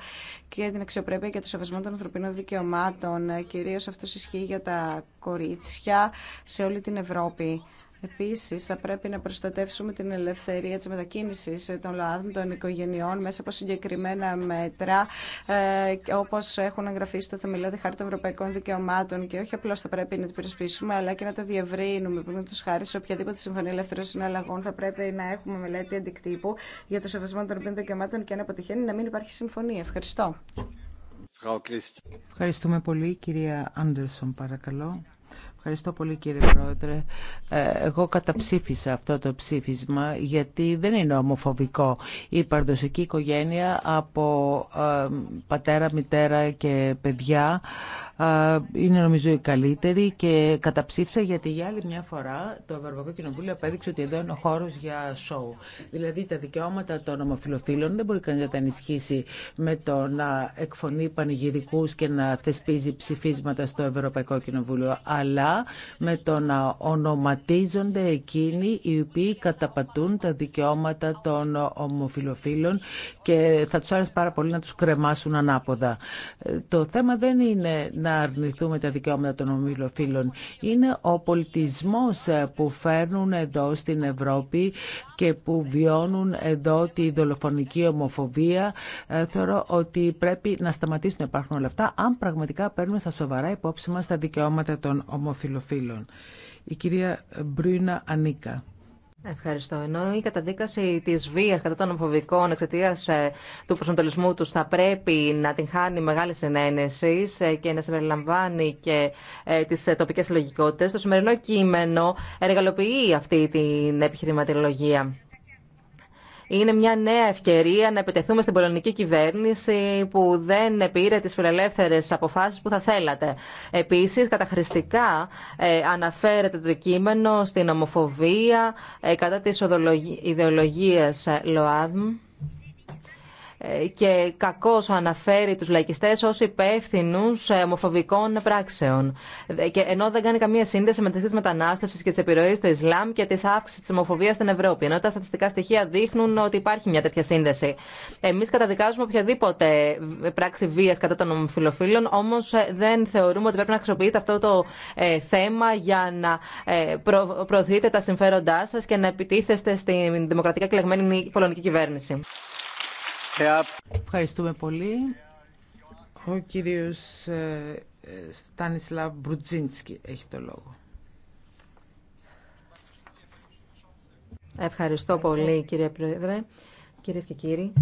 και την αξιοπρέπεια και το σεβασμό των ανθρωπίνων δικαιωμάτων. Κυρίως αυτό ισχύει για τα κορίτσια σε όλη την Ευρώπη. Επίσης, θα πρέπει να προστατεύσουμε την ελευθερία της μετακίνησης των ΛΟΑΔΜ, των οικογενειών, μέσα από συγκεκριμένα μέτρα, ε, όπως έχουν εγγραφεί στο Θεμελιώδη Χάρτη των Ευρωπαϊκών Δικαιωμάτων και όχι απλώς θα πρέπει να την προσπίσουμε, αλλά και να τα διευρύνουμε. Πρέπει τους χάρη σε οποιαδήποτε συμφωνία ελεύθερων συναλλαγών θα πρέπει να έχουμε μελέτη αντικτύπου για το σεβασμό των Ευρωπαϊκών δικαιωμάτων και αν αποτυχαίνει να μην υπάρχει συμφωνία. Ευχαριστώ. Ευχαριστούμε πολύ, κυρία Άντερσον, παρακαλώ. Ευχαριστώ πολύ κύριε Πρόεδρε. Ε, εγώ καταψήφισα αυτό το ψήφισμα γιατί δεν είναι ομοφοβικό. Η παρδοσική οικογένεια από ε, πατέρα, μητέρα και παιδιά είναι νομίζω η καλύτερη και καταψήφισα γιατί για άλλη μια φορά το Ευρωπαϊκό Κοινοβούλιο απέδειξε ότι εδώ είναι ο χώρο για σοου. Δηλαδή τα δικαιώματα των ομοφυλοφίλων δεν μπορεί κανεί να τα ενισχύσει με το να εκφωνεί πανηγυρικού και να θεσπίζει ψηφίσματα στο Ευρωπαϊκό Κοινοβούλιο, αλλά με το να ονοματίζονται εκείνοι οι οποίοι καταπατούν τα δικαιώματα των ομοφιλοφίλων και θα του άρεσε πάρα πολύ να του κρεμάσουν ανάποδα. Ε, το θέμα δεν είναι να αρνηθούμε τα δικαιώματα των ομιλοφίλων. Είναι ο πολιτισμός που φέρνουν εδώ στην Ευρώπη και που βιώνουν εδώ τη δολοφονική ομοφοβία. Ε, θεωρώ ότι πρέπει να σταματήσουν να υπάρχουν όλα αυτά αν πραγματικά παίρνουμε στα σοβαρά υπόψη μας τα δικαιώματα των ομοφιλοφίλων. Η κυρία Μπρύνα Ανίκα. Ευχαριστώ. Ενώ η καταδίκαση τη βία κατά των ομοφοβικών εξαιτία ε, του προσανατολισμού του θα πρέπει να την χάνει μεγάλη συνένεση ε, και να συμπεριλαμβάνει και ε, τι τοπικέ συλλογικότητε, το σημερινό κείμενο εργαλοποιεί αυτή την επιχειρηματιολογία είναι μια νέα ευκαιρία να επιτεθούμε στην πολωνική κυβέρνηση που δεν πήρε τι φιλελεύθερε αποφάσει που θα θέλατε. Επίσης, καταχρηστικά ε, αναφέρεται το κείμενο στην ομοφοβία ε, κατά της ιδεολογίας ε, ΛΟΑΔΜ. Ε, και κακώς αναφέρει τους λαϊκιστές ως υπεύθυνου ε, ομοφοβικών πράξεων. Ε, και ενώ δεν κάνει καμία σύνδεση μεταξύ της μετανάστευσης και της επιρροής του Ισλάμ και της αύξησης της ομοφοβίας στην Ευρώπη. Ενώ τα στατιστικά στοιχεία δείχνουν ότι υπάρχει μια τέτοια σύνδεση. Εμείς καταδικάζουμε οποιαδήποτε πράξη βίας κατά των ομοφιλοφίλων, όμως δεν θεωρούμε ότι πρέπει να χρησιμοποιείτε αυτό το θέμα για να προωθείτε τα συμφέροντά σας και να επιτίθεστε στην δημοκρατικά κυβέρνηση. Ευχαριστούμε πολύ. Ο κύριος ε, Στάνισλαβ Μπρουτζίνσκι έχει το λόγο. Ευχαριστώ πολύ κύριε Πρόεδρε. Κυρίες και κύριοι,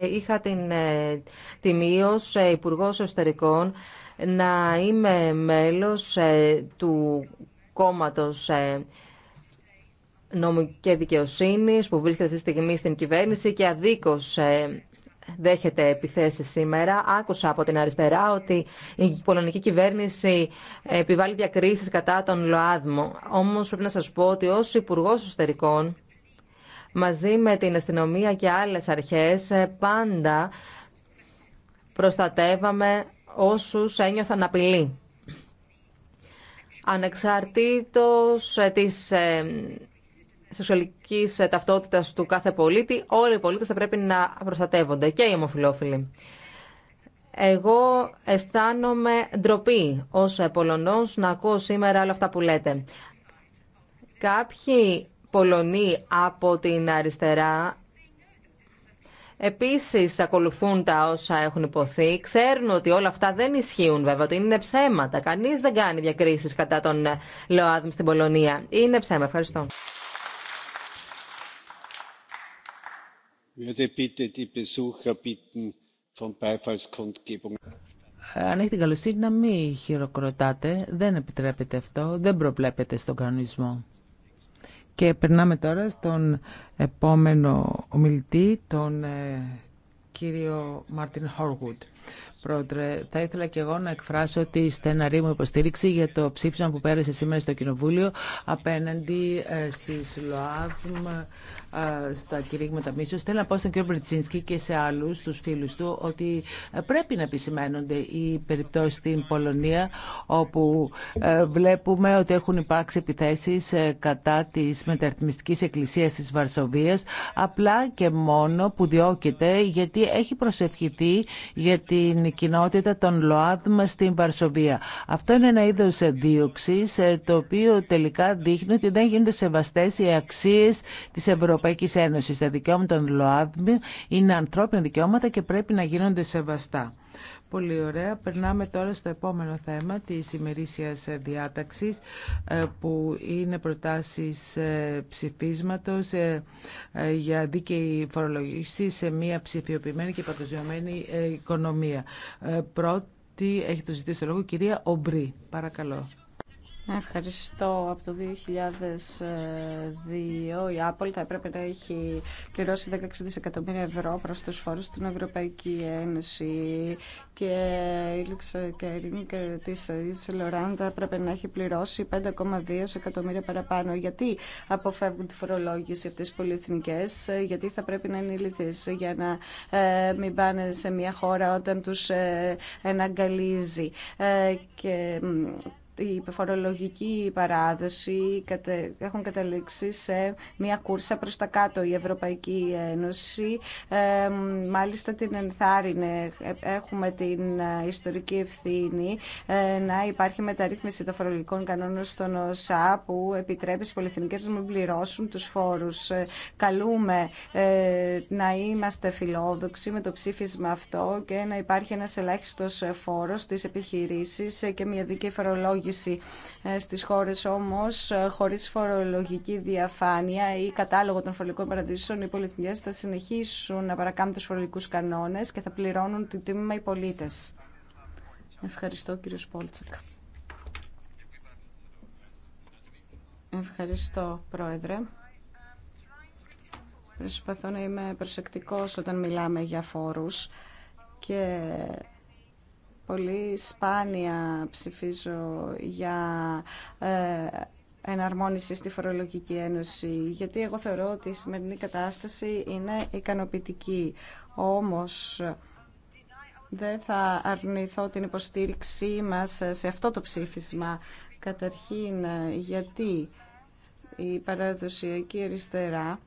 ε, είχα την ε, τιμή ως Υπουργός Εσωτερικών να είμαι μέλος του κόμματος Νομική και δικαιοσύνης που βρίσκεται αυτή τη στιγμή στην κυβέρνηση και αδίκως ε, δέχεται επιθέσεις σήμερα. Άκουσα από την αριστερά ότι η πολωνική κυβέρνηση επιβάλλει διακρίσεις κατά τον ΛΟΑΔΜΟ. Όμως πρέπει να σας πω ότι ω υπουργό Εσωτερικών μαζί με την αστυνομία και άλλες αρχές ε, πάντα προστατεύαμε όσους ένιωθαν απειλή. Ανεξαρτήτως ε, της σεξουαλική ε, ταυτότητα του κάθε πολίτη, όλοι οι πολίτε θα πρέπει να προστατεύονται και οι ομοφυλόφιλοι. Εγώ αισθάνομαι ντροπή ω Πολωνό να ακούω σήμερα όλα αυτά που λέτε. Κάποιοι Πολωνοί από την αριστερά επίσης ακολουθούν τα όσα έχουν υποθεί. Ξέρουν ότι όλα αυτά δεν ισχύουν βέβαια, ότι είναι ψέματα. Κανείς δεν κάνει διακρίσεις κατά τον ΛΟΑΔΜ στην Πολωνία. Είναι ψέμα. Ευχαριστώ. Αν έχει την καλοσύνη να μην χειροκροτάτε, δεν επιτρέπεται αυτό, δεν προβλέπεται στον κανονισμό. Και περνάμε τώρα στον επόμενο ομιλητή, τον ε, κύριο Μάρτιν Χόργουτ. Πρόεδρε, θα ήθελα και εγώ να εκφράσω τη στεναρή μου υποστήριξη για το ψήφισμα που πέρασε σήμερα στο Κοινοβούλιο απέναντι ε, στις ΛΟΑΔΜ, ε, στα κηρύγματα μίσους, θέλω να πω στον κύριο Μπριτσίνσκι και σε άλλους, τους φίλους του, ότι ε, πρέπει να επισημαίνονται οι περιπτώσεις στην Πολωνία, όπου ε, βλέπουμε ότι έχουν υπάρξει επιθέσεις κατά της μεταρρυθμιστικής εκκλησίας της Βαρσοβίας, απλά και μόνο που διώκεται, γιατί έχει προσευχηθεί για την κοινότητα των ΛΟΑΔΜ στην Βαρσοβία. Αυτό είναι ένα είδος δίωξης, το οποίο τελικά δείχνει ότι δεν γίνονται σεβαστές οι αξίες της Ευρωπαϊκή. Ευρωπαϊκής Ένωσης. Τα δικαιώματα των ΛΟΑΔΜΗ είναι ανθρώπινα δικαιώματα και πρέπει να γίνονται σεβαστά. Πολύ ωραία. Περνάμε τώρα στο επόμενο θέμα της ημερήσιας διάταξης ε, που είναι προτάσεις ε, ψηφίσματος ε, για δίκαιη φορολογήση σε μια ψηφιοποιημένη και παγκοσμιωμένη οικονομία. Πρώτη έχει το ζητήσει λόγο κυρία Ομπρή. Παρακαλώ. Ευχαριστώ. Από το 2002 η Apple θα έπρεπε να έχει πληρώσει 16 δισεκατομμύρια ευρώ προς τους φόρους στην Ευρωπαϊκή Ένωση και η Λουξ Κέρινγκ της Λοράν θα έπρεπε να έχει πληρώσει 5,2 δισεκατομμύρια παραπάνω. Γιατί αποφεύγουν τη φορολόγηση αυτές τις πολυεθνικές, γιατί θα πρέπει να είναι ηλίθιες για να ε, μην πάνε σε μια χώρα όταν τους ε, εναγκαλίζει. Ε, και η φορολογική παράδοση έχουν καταλήξει σε μια κούρσα προς τα κάτω η Ευρωπαϊκή Ένωση. μάλιστα την ενθάρρυνε. Έχουμε την ε, ιστορική ευθύνη ε, να υπάρχει μεταρρύθμιση των φορολογικών κανόνων στον ΩΣΑ που επιτρέπει στις πολυεθνικές να μην πληρώσουν τους φόρους. Ε, καλούμε να είμαστε φιλόδοξοι με το ψήφισμα αυτό και να υπάρχει ένας ελάχιστος φόρος στις επιχειρήσεις και μια δίκαιη φορολόγηση φορολόγηση ε, στις χώρες όμως ε, χωρίς φορολογική διαφάνεια ή κατάλογο των φορολογικών παραδείσεων οι πολιτικές θα συνεχίσουν να παρακάμπτουν τους φορολογικούς κανόνες και θα πληρώνουν το τίμημα οι πολίτες. Ευχαριστώ κύριο Σπόλτσεκ. Ευχαριστώ πρόεδρε. Προσπαθώ να είμαι προσεκτικός όταν μιλάμε για φόρους και Πολύ σπάνια ψηφίζω για ε, εναρμόνιση στη Φορολογική Ένωση, γιατί εγώ θεωρώ ότι η σημερινή κατάσταση είναι ικανοποιητική. Όμως, δεν θα αρνηθώ την υποστήριξή μας σε αυτό το ψήφισμα. Καταρχήν, γιατί η παραδοσιακή αριστερά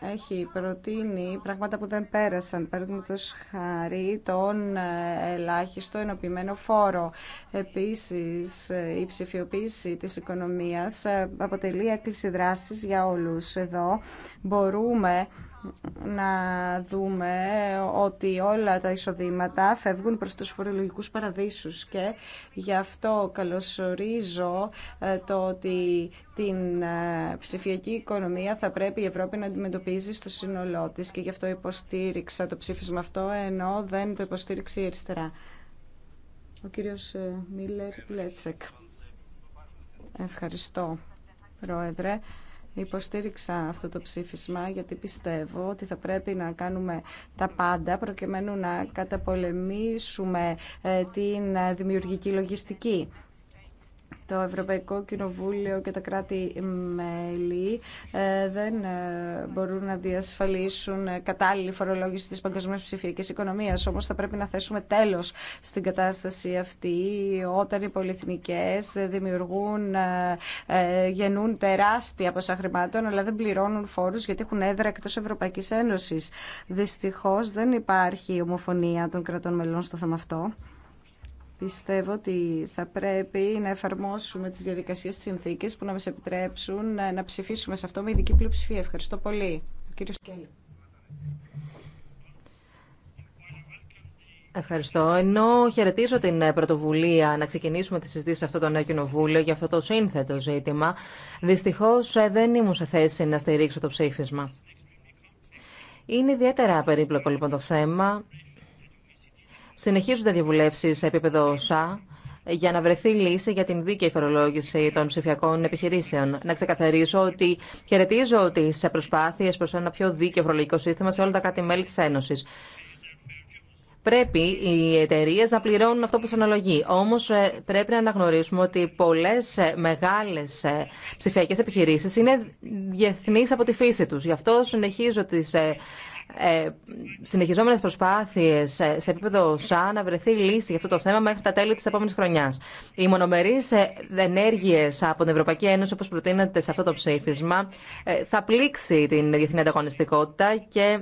έχει προτείνει πράγματα που δεν πέρασαν. Παραδείγματο χάρη τον ε, ελάχιστο ενοποιημένο φόρο. Επίσης, ε, η ψηφιοποίηση της οικονομίας ε, αποτελεί έκκληση δράσης για όλους. Εδώ μπορούμε να δούμε ότι όλα τα εισοδήματα φεύγουν προς τους φορολογικούς παραδείσους και γι' αυτό καλωσορίζω ε, το ότι την ε, ψηφιακή οικονομία θα πρέπει η Ευρώπη να αντιμετωπίζει στο σύνολό της και γι' αυτό υποστήριξα το ψήφισμα αυτό ενώ δεν το υποστήριξε η αριστερά. Ο κύριος ε, Μίλερ Λέτσεκ. Ευχαριστώ, Πρόεδρε. Υποστήριξα αυτό το ψήφισμα γιατί πιστεύω ότι θα πρέπει να κάνουμε τα πάντα προκειμένου να καταπολεμήσουμε ε, την δημιουργική λογιστική το Ευρωπαϊκό Κοινοβούλιο και τα κράτη-μέλη ε, δεν ε, μπορούν να διασφαλίσουν ε, κατάλληλη φορολόγηση της παγκοσμίας ψηφιακής οικονομίας. Όμως θα πρέπει να θέσουμε τέλος στην κατάσταση αυτή όταν οι πολυεθνικές δημιουργούν, γεννούν τεράστια ποσά χρημάτων αλλά δεν πληρώνουν φόρους γιατί έχουν έδρα εκτός Ευρωπαϊκής Ένωσης. Δυστυχώς δεν υπάρχει ομοφωνία των κρατών μελών στο θέμα αυτό. Πιστεύω ότι θα πρέπει να εφαρμόσουμε τις διαδικασίες της συνθήκης που να μας επιτρέψουν να ψηφίσουμε σε αυτό με ειδική πλειοψηφία. Ευχαριστώ πολύ. κύριος Ευχαριστώ. Ενώ χαιρετίζω την πρωτοβουλία να ξεκινήσουμε τη συζήτηση σε αυτό το νέο κοινοβούλιο για αυτό το σύνθετο ζήτημα, δυστυχώ ε, δεν ήμουν σε θέση να στηρίξω το ψήφισμα. Είναι ιδιαίτερα περίπλοκο λοιπόν το θέμα. Συνεχίζονται διαβουλεύσει σε επίπεδο ΩΣΑ για να βρεθεί λύση για την δίκαιη φορολόγηση των ψηφιακών επιχειρήσεων. Να ξεκαθαρίσω ότι χαιρετίζω τι προσπάθειε προ ένα πιο δίκαιο φορολογικό σύστημα σε όλα τα κράτη-μέλη τη Ένωση. Πρέπει οι εταιρείε να πληρώνουν αυτό που σα αναλογεί. Όμω ε, πρέπει να αναγνωρίσουμε ότι πολλέ ε, μεγάλε ψηφιακέ επιχειρήσει είναι διεθνεί από τη φύση του. Γι' αυτό συνεχίζω τι ε, ε, συνεχιζόμενες προσπάθειες ε, σε επίπεδο ΣΑ να βρεθεί λύση για αυτό το θέμα μέχρι τα τέλη της επόμενης χρονιάς. Οι μονομερείς ε, ενέργειες από την Ευρωπαϊκή Ένωση, όπως προτείνεται σε αυτό το ψήφισμα, θα πλήξει την διεθνή ανταγωνιστικότητα και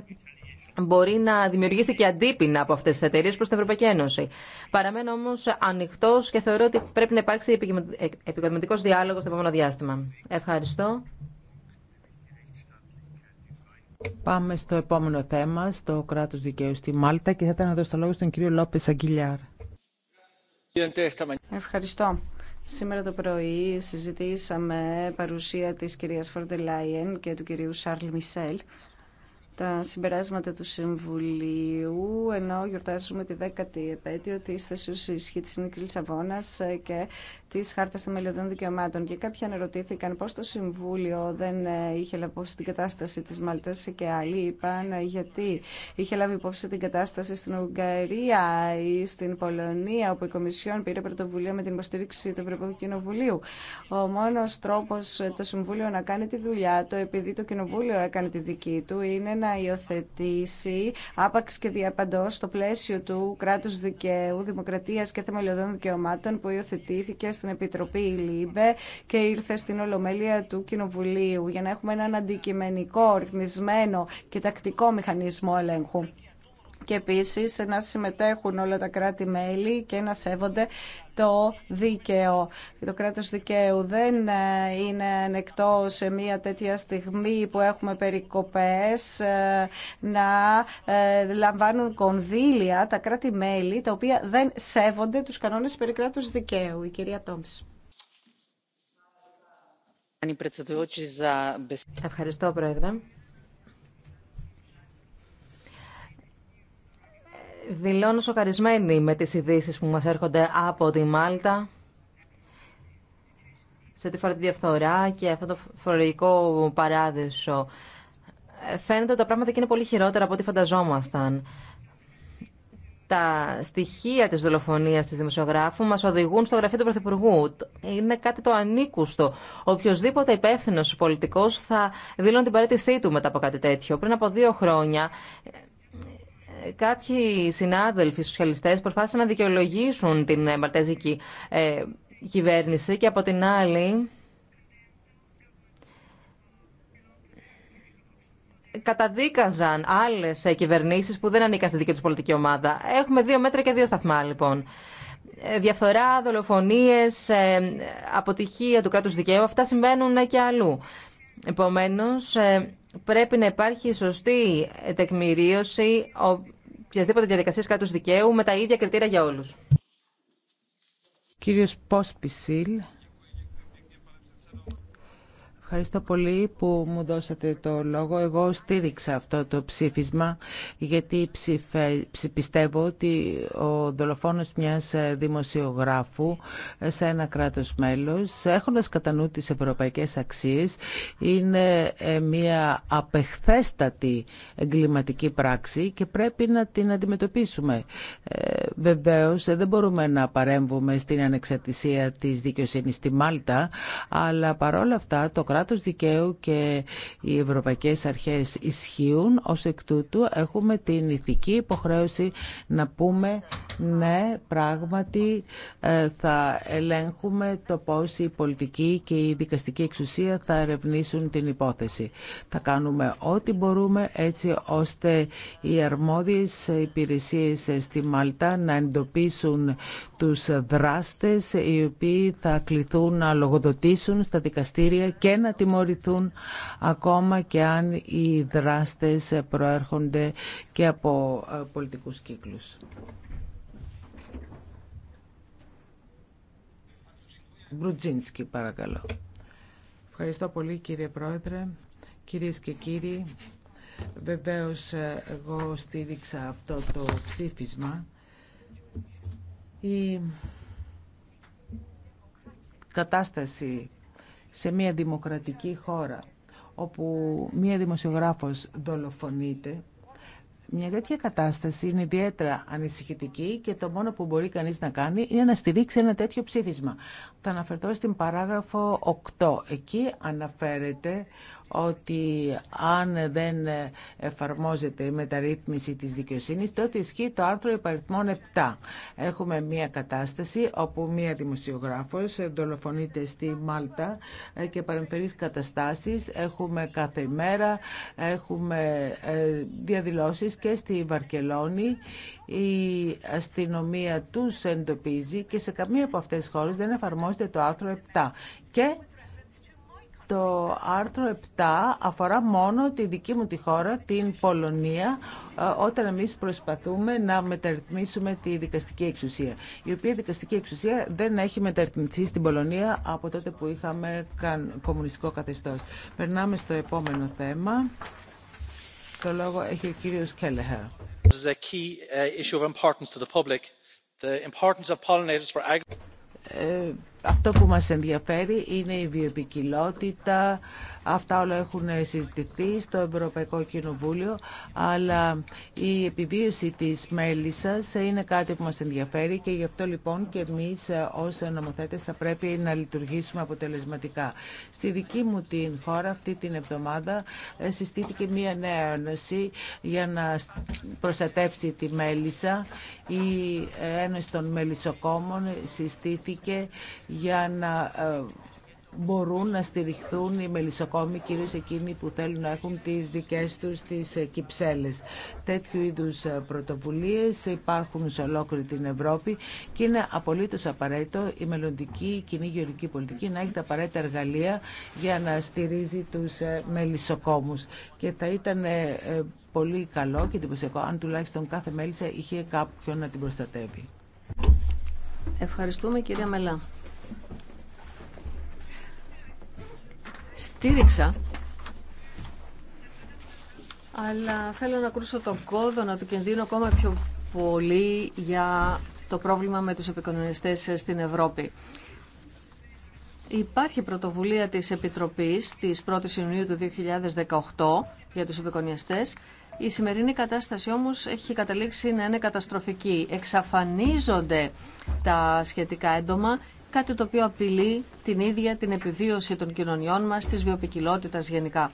μπορεί να δημιουργήσει και αντίπεινα από αυτέ τι εταιρείε προ την Ευρωπαϊκή Ένωση. Παραμένω όμω ανοιχτό και θεωρώ ότι πρέπει να υπάρξει επικοδομητικό διάλογο στο επόμενο διάστημα. Ευχαριστώ. Πάμε στο επόμενο θέμα, στο κράτος δικαίου στη Μάλτα και θα ήθελα να δώσω το λόγο στον κύριο Λόπες Αγγιλιάρ. Ευχαριστώ. Σήμερα το πρωί συζητήσαμε παρουσία της κυρίας Φορντελάιεν και του κυρίου Σάρλ Μισελ τα συμπεράσματα του Συμβουλίου, ενώ γιορτάζουμε τη δέκατη επέτειο της θεσίου ισχύ της Νίκης Λισαβόνας και τη Χάρτα Θεμελιωδών Δικαιωμάτων και κάποιοι αναρωτήθηκαν πώ το Συμβούλιο δεν ε, είχε λάβει υπόψη την κατάσταση τη Μαλτέση και άλλοι είπαν ε, γιατί είχε λάβει υπόψη την κατάσταση στην Ουγγαρία ή στην Πολωνία όπου η Κομισιόν πήρε πρωτοβουλία με την υποστήριξη του Ευρωπαϊκού Κοινοβουλίου. Ο μόνο τρόπο ε, το Συμβούλιο να κάνει τη δουλειά του επειδή το Κοινοβούλιο έκανε τη δική του είναι να υιοθετήσει άπαξ και διαπαντό στο πλαίσιο του Κράτου δικαίου, Δημοκρατία και θεμελιωδών δικαιωμάτων που υιοθετήθηκε στην Επιτροπή ΛΥΜΠΕ και ήρθε στην Ολομέλεια του Κοινοβουλίου για να έχουμε έναν αντικειμενικό, ρυθμισμένο και τακτικό μηχανισμό ελέγχου και επίσης να συμμετέχουν όλα τα κράτη-μέλη και να σέβονται το δίκαιο. Το κράτος δικαίου δεν ε, είναι ανεκτό σε μια τέτοια στιγμή που έχουμε περικοπές ε, να ε, λαμβάνουν κονδύλια τα κράτη-μέλη τα οποία δεν σέβονται τους κανόνες περί κράτους δικαίου. Η κυρία Τόμς. Ευχαριστώ, Πρόεδρε. δηλώνω σοκαρισμένη με τις ειδήσει που μας έρχονται από τη Μάλτα σε ό,τι φορά τη διαφθορά και αυτό το φορολογικό παράδεισο. Φαίνεται ότι τα πράγματα και είναι πολύ χειρότερα από ό,τι φανταζόμασταν. Τα στοιχεία της δολοφονίας της δημοσιογράφου μας οδηγούν στο γραφείο του Πρωθυπουργού. Είναι κάτι το ανήκουστο. Οποιοδήποτε υπεύθυνο πολιτικός θα δηλώνει την παρέτησή του μετά από κάτι τέτοιο. Πριν από δύο χρόνια κάποιοι συνάδελφοι σοσιαλιστέ προσπάθησαν να δικαιολογήσουν την μαλτέζικη ε, κυβέρνηση και από την άλλη καταδίκαζαν άλλες κυβερνήσεις που δεν ανήκαν στη δική τους πολιτική ομάδα. Έχουμε δύο μέτρα και δύο σταθμά λοιπόν. Ε, διαφθορά, δολοφονίες, ε, αποτυχία του κράτους δικαίου, αυτά συμβαίνουν και αλλού. Επομένως, πρέπει να υπάρχει σωστή τεκμηρίωση οποιασδήποτε διαδικασία κράτου δικαίου με τα ίδια κριτήρια για όλους. Κύριος Πόσπισιλ. Ευχαριστώ πολύ που μου δώσατε το λόγο. Εγώ στήριξα αυτό το ψήφισμα γιατί πιστεύω ότι ο δολοφόνος μιας ε, δημοσιογράφου ε, σε ένα κράτος μέλος, έχοντας κατά νου τις ευρωπαϊκές αξίες, είναι ε, μια απεχθέστατη εγκληματική πράξη και πρέπει να την αντιμετωπίσουμε. Βεβαίως δεν μπορούμε να παρέμβουμε στην ανεξαρτησία της δικαιοσύνης στη Μάλτα, αλλά παρόλα αυτά το κράτος δικαίου και οι ευρωπαϊκές αρχές ισχύουν, ως εκ τούτου έχουμε την ηθική υποχρέωση να πούμε ναι, πράγματι ε, θα ελέγχουμε το πώς η πολιτική και η δικαστική εξουσία θα ερευνήσουν την υπόθεση. Θα κάνουμε ό,τι μπορούμε έτσι ώστε οι αρμόδιες υπηρεσίες στη Μάλτα να εντοπίσουν τους δράστες οι οποίοι θα κληθούν να λογοδοτήσουν στα δικαστήρια και να να τιμωρηθούν ακόμα και αν οι δράστες προέρχονται και από ε, πολιτικούς κύκλους. Μπρουτζίνσκι παρακαλώ. Ευχαριστώ πολύ κύριε Πρόεδρε, κυρίες και κύριοι. Βεβαίως ε, εγώ στήριξα αυτό το ψήφισμα. Η κατάσταση σε μια δημοκρατική χώρα όπου μια δημοσιογράφος δολοφονείται, μια τέτοια κατάσταση είναι ιδιαίτερα ανησυχητική και το μόνο που μπορεί κανείς να κάνει είναι να στηρίξει ένα τέτοιο ψήφισμα. Θα αναφερθώ στην παράγραφο 8. Εκεί αναφέρεται ότι αν δεν εφαρμόζεται η μεταρρύθμιση της δικαιοσύνης, τότε ισχύει το άρθρο υπαριθμών 7. Έχουμε μια κατάσταση όπου μια δημοσιογράφος δολοφονείται στη Μάλτα ε, και παρεμφερείς καταστάσεις. Έχουμε κάθε μέρα, έχουμε ε, διαδηλώσεις και στη Βαρκελόνη. Η αστυνομία τους εντοπίζει και σε καμία από αυτές τις χώρες δεν εφαρμόζεται το άρθρο 7. Και το άρθρο 7 αφορά μόνο τη δική μου τη χώρα, την Πολωνία, ε, όταν εμείς προσπαθούμε να μεταρρυθμίσουμε τη δικαστική εξουσία, η οποία δικαστική εξουσία δεν έχει μεταρρυθμιστεί στην Πολωνία από τότε που είχαμε κομμουνιστικό καθεστώς. Περνάμε στο επόμενο θέμα. Το λόγο έχει ο κύριος Κέλεχερ. Αυτό που μας ενδιαφέρει είναι η βιοπικιλότητα. Αυτά όλα έχουν συζητηθεί στο Ευρωπαϊκό Κοινοβούλιο, αλλά η επιβίωση της μέλισσας είναι κάτι που μας ενδιαφέρει και γι' αυτό λοιπόν και εμείς ε, ως νομοθέτες θα πρέπει να λειτουργήσουμε αποτελεσματικά. Στη δική μου την χώρα αυτή την εβδομάδα ε, συστήθηκε μία νέα ένωση για να προστατεύσει τη μέλισσα. Η ε, Ένωση των Μελισσοκόμων συστήθηκε για να ε, μπορούν να στηριχθούν οι μελισσοκόμοι, κυρίως εκείνοι που θέλουν να έχουν τις δικές τους τις ε, κυψέλες. Τέτοιου είδους ε, πρωτοβουλίες υπάρχουν σε ολόκληρη την Ευρώπη και είναι απολύτως απαραίτητο η μελλοντική κοινή γεωργική πολιτική να έχει τα απαραίτητα εργαλεία για να στηρίζει τους μελισσοκόμους. Και θα ήταν πολύ καλό και εντυπωσιακό αν τουλάχιστον κάθε μέλισσα είχε κάποιον να την προστατεύει. Ευχαριστούμε κυρία Μελά. στήριξα αλλά θέλω να ακούσω τον να του κινδύνω ακόμα πιο πολύ για το πρόβλημα με τους επικοινωνιστές στην Ευρώπη. Υπάρχει πρωτοβουλία της Επιτροπής της 1ης Ιουνίου του 2018 για τους επικοινωνιστές. Η σημερινή κατάσταση όμως έχει καταλήξει να είναι καταστροφική. Εξαφανίζονται τα σχετικά έντομα κάτι το οποίο απειλεί την ίδια την επιβίωση των κοινωνιών μας, της βιοπικιλότητας γενικά.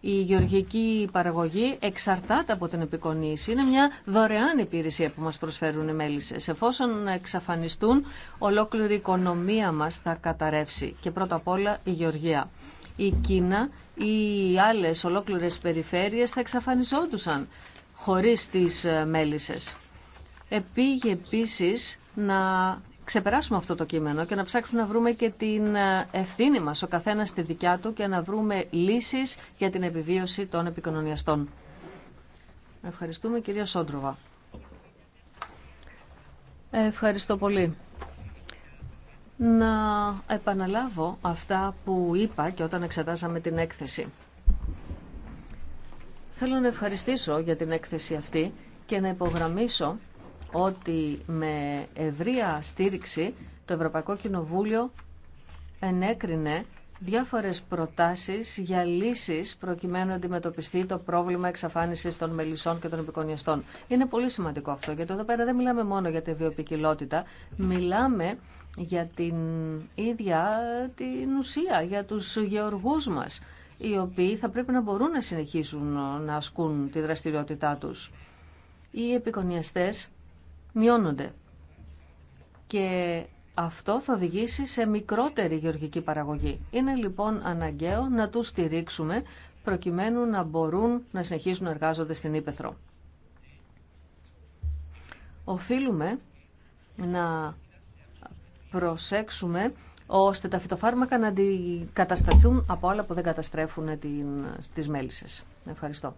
Η γεωργική παραγωγή εξαρτάται από την επικονίση. Είναι μια δωρεάν υπηρεσία που μας προσφέρουν οι μέλισσες. Εφόσον εξαφανιστούν, ολόκληρη η οικονομία μας θα καταρρεύσει και πρώτα απ' όλα η γεωργία. Η Κίνα ή άλλες ολόκληρες περιφέρειες θα εξαφανιζόντουσαν χωρίς τις μέλισσες. Επήγε επίσης να ξεπεράσουμε αυτό το κείμενο και να ψάξουμε να βρούμε και την ε, ευθύνη μας, ο καθένας στη δικιά του και να βρούμε λύσεις για την επιβίωση των επικοινωνιαστών. Ευχαριστούμε κυρία Σόντροβα. Ευχαριστώ πολύ. Να επαναλάβω αυτά που είπα και όταν εξετάσαμε την έκθεση. Θέλω να ευχαριστήσω για την έκθεση αυτή και να υπογραμμίσω ότι με ευρεία στήριξη το Ευρωπαϊκό Κοινοβούλιο ενέκρινε διάφορες προτάσεις για λύσεις προκειμένου να αντιμετωπιστεί το πρόβλημα εξαφάνισης των μελισσών και των επικονιαστών. Είναι πολύ σημαντικό αυτό, γιατί εδώ πέρα δεν μιλάμε μόνο για τη βιοπικιλότητα, μιλάμε για την ίδια την ουσία, για τους γεωργούς μας, οι οποίοι θα πρέπει να μπορούν να συνεχίσουν να ασκούν τη δραστηριότητά τους. Οι επικονιαστές μειώνονται. Και αυτό θα οδηγήσει σε μικρότερη γεωργική παραγωγή. Είναι λοιπόν αναγκαίο να τους στηρίξουμε προκειμένου να μπορούν να συνεχίσουν να εργάζονται στην Ήπεθρο. Οφείλουμε να προσέξουμε ώστε τα φυτοφάρμακα να αντικατασταθούν από άλλα που δεν καταστρέφουν τις μέλισσες. Ευχαριστώ.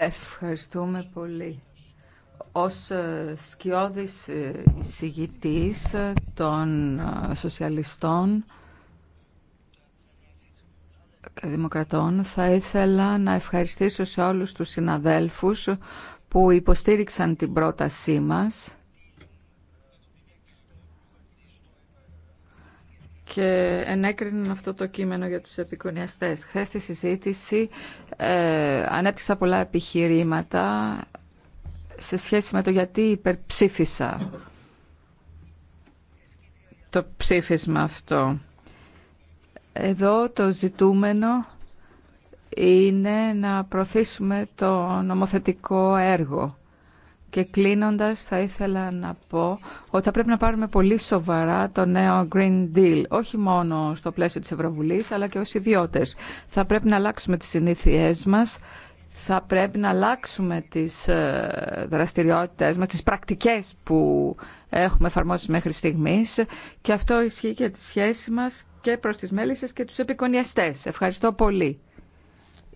Ευχαριστούμε πολύ. Ως ε, σκιώδης ε, εισηγητής ε, των σοσιαλιστών και δημοκρατών θα ήθελα να ευχαριστήσω σε όλους τους συναδέλφους που υποστήριξαν την πρότασή μας και ενέκριναν αυτό το κείμενο για τους επικονιαστές. Χθε στη συζήτηση ε, ανέπτυξα πολλά επιχειρήματα σε σχέση με το γιατί υπερψήφισα το ψήφισμα αυτό. Εδώ το ζητούμενο είναι να προωθήσουμε το νομοθετικό έργο και κλείνοντας θα ήθελα να πω ότι θα πρέπει να πάρουμε πολύ σοβαρά το νέο Green Deal, όχι μόνο στο πλαίσιο της Ευρωβουλής αλλά και ως ιδιώτες. Θα πρέπει να αλλάξουμε τις συνήθειές μας, θα πρέπει να αλλάξουμε τις ε, δραστηριότητες μας, τις πρακτικές που έχουμε εφαρμόσει μέχρι στιγμής και αυτό ισχύει και τη σχέση μας και προς τις μέλησες και τους επικονιαστές. Ευχαριστώ πολύ.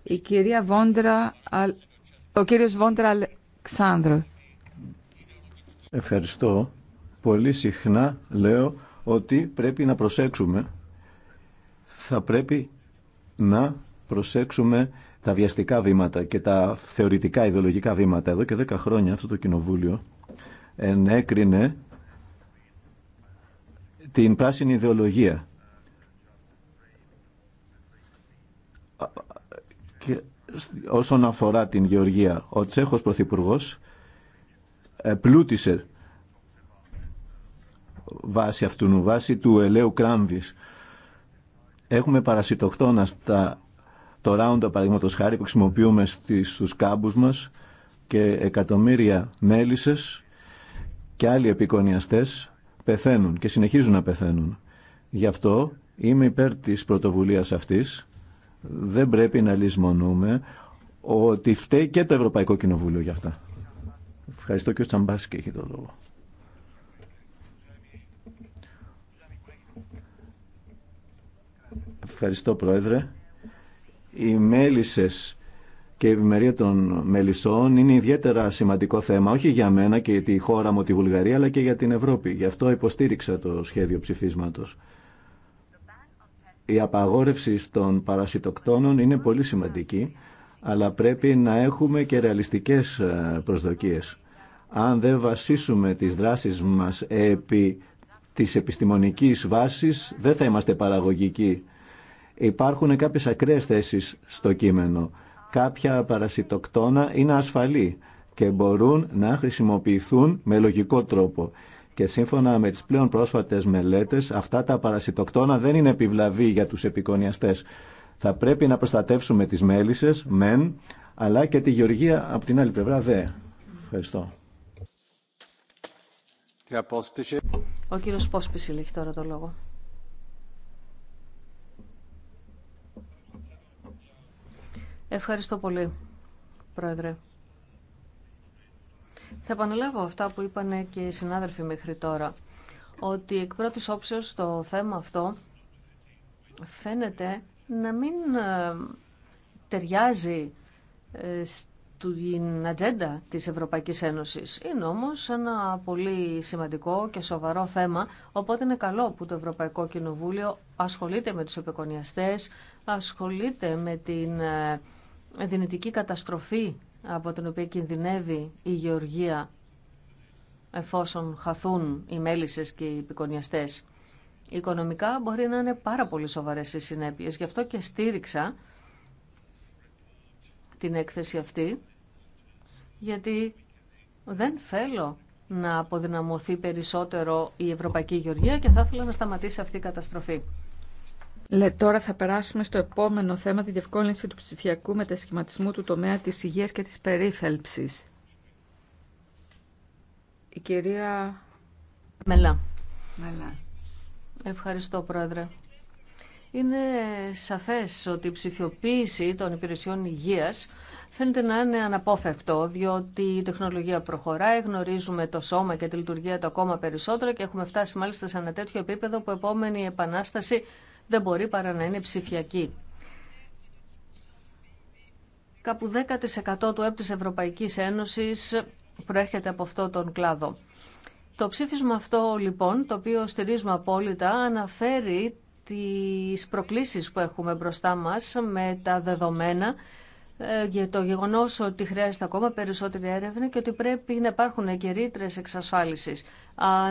Η κυρία Βόντρα, ο κύριος Βόντρα Αλεξάνδρου. Ευχαριστώ. Πολύ συχνά λέω ότι πρέπει να προσέξουμε. Θα πρέπει να προσέξουμε τα βιαστικά βήματα και τα θεωρητικά ιδεολογικά βήματα. Εδώ και δέκα χρόνια αυτό το κοινοβούλιο ενέκρινε την πράσινη ιδεολογία. Και όσον αφορά την Γεωργία, ο Τσέχος Πρωθυπουργός ε, πλούτησε βάσει αυτού, βάσει του ελαίου κράμβης. Έχουμε παρασιτοκτόνα στα, το ράουντα παραδείγματος χάρη που χρησιμοποιούμε στους κάμπους μας και εκατομμύρια μέλισσες και άλλοι επικονιαστές πεθαίνουν και συνεχίζουν να πεθαίνουν. Γι' αυτό είμαι υπέρ της πρωτοβουλίας αυτής. Δεν πρέπει να λησμονούμε ότι φταίει και το Ευρωπαϊκό Κοινοβούλιο για αυτά. Ευχαριστώ και ο και έχει το λόγο. Ευχαριστώ Πρόεδρε. Οι μέλισσες και η ευημερία των μελισσών είναι ιδιαίτερα σημαντικό θέμα, όχι για μένα και τη χώρα μου τη Βουλγαρία, αλλά και για την Ευρώπη. Γι' αυτό υποστήριξα το σχέδιο ψηφίσματος. Η απαγόρευση των παρασιτοκτόνων είναι πολύ σημαντική αλλά πρέπει να έχουμε και ρεαλιστικές ε, προσδοκίες. Αν δεν βασίσουμε τις δράσεις μας επί της επιστημονικής βάσης, δεν θα είμαστε παραγωγικοί. Υπάρχουν κάποιες ακραίες θέσεις στο κείμενο. Κάποια παρασιτοκτόνα είναι ασφαλή και μπορούν να χρησιμοποιηθούν με λογικό τρόπο. Και σύμφωνα με τις πλέον πρόσφατες μελέτες, αυτά τα παρασιτοκτόνα δεν είναι επιβλαβή για τους επικονιαστές. Θα πρέπει να προστατεύσουμε τις μέλισσες, μεν, αλλά και τη γεωργία από την άλλη πλευρά, δε. Ευχαριστώ. Ο κύριος Πόσπης έχει τώρα το λόγο. Ευχαριστώ πολύ, Πρόεδρε. Θα επαναλάβω αυτά που είπαν και οι συνάδελφοι μέχρι τώρα, ότι εκ πρώτης όψεως το θέμα αυτό φαίνεται να μην ε, ταιριάζει ε, στην ατζέντα της Ευρωπαϊκής Ένωσης. Είναι όμως ένα πολύ σημαντικό και σοβαρό θέμα, οπότε είναι καλό που το Ευρωπαϊκό Κοινοβούλιο ασχολείται με τους επικονιαστές, ασχολείται με την ε, δυνητική καταστροφή από την οποία κινδυνεύει η γεωργία εφόσον χαθούν οι μέλισσες και οι επικονιαστές. Οικονομικά μπορεί να είναι πάρα πολύ σοβαρές οι συνέπειες. Γι' αυτό και στήριξα την έκθεση αυτή, γιατί δεν θέλω να αποδυναμωθεί περισσότερο η Ευρωπαϊκή Γεωργία και θα ήθελα να σταματήσει αυτή η καταστροφή. Λε, τώρα θα περάσουμε στο επόμενο θέμα, τη διευκόλυνση του ψηφιακού μετασχηματισμού του τομέα της υγείας και της περίθαλψης. Η κυρία... Μελά. Μελά. Ευχαριστώ, Πρόεδρε. Είναι σαφές ότι η ψηφιοποίηση των υπηρεσιών υγείας φαίνεται να είναι αναπόφευκτο, διότι η τεχνολογία προχωράει, γνωρίζουμε το σώμα και τη λειτουργία του ακόμα περισσότερο και έχουμε φτάσει μάλιστα σε ένα τέτοιο επίπεδο που η επόμενη επανάσταση δεν μπορεί παρά να είναι ψηφιακή. Κάπου 10% του ΕΠ Ευρωπαϊκής Ένωσης προέρχεται από αυτό τον κλάδο. Το ψήφισμα αυτό λοιπόν, το οποίο στηρίζουμε απόλυτα, αναφέρει τις προκλήσεις που έχουμε μπροστά μας με τα δεδομένα ε, για το γεγονός ότι χρειάζεται ακόμα περισσότερη έρευνα και ότι πρέπει να υπάρχουν και ρήτρες εξασφάλισης.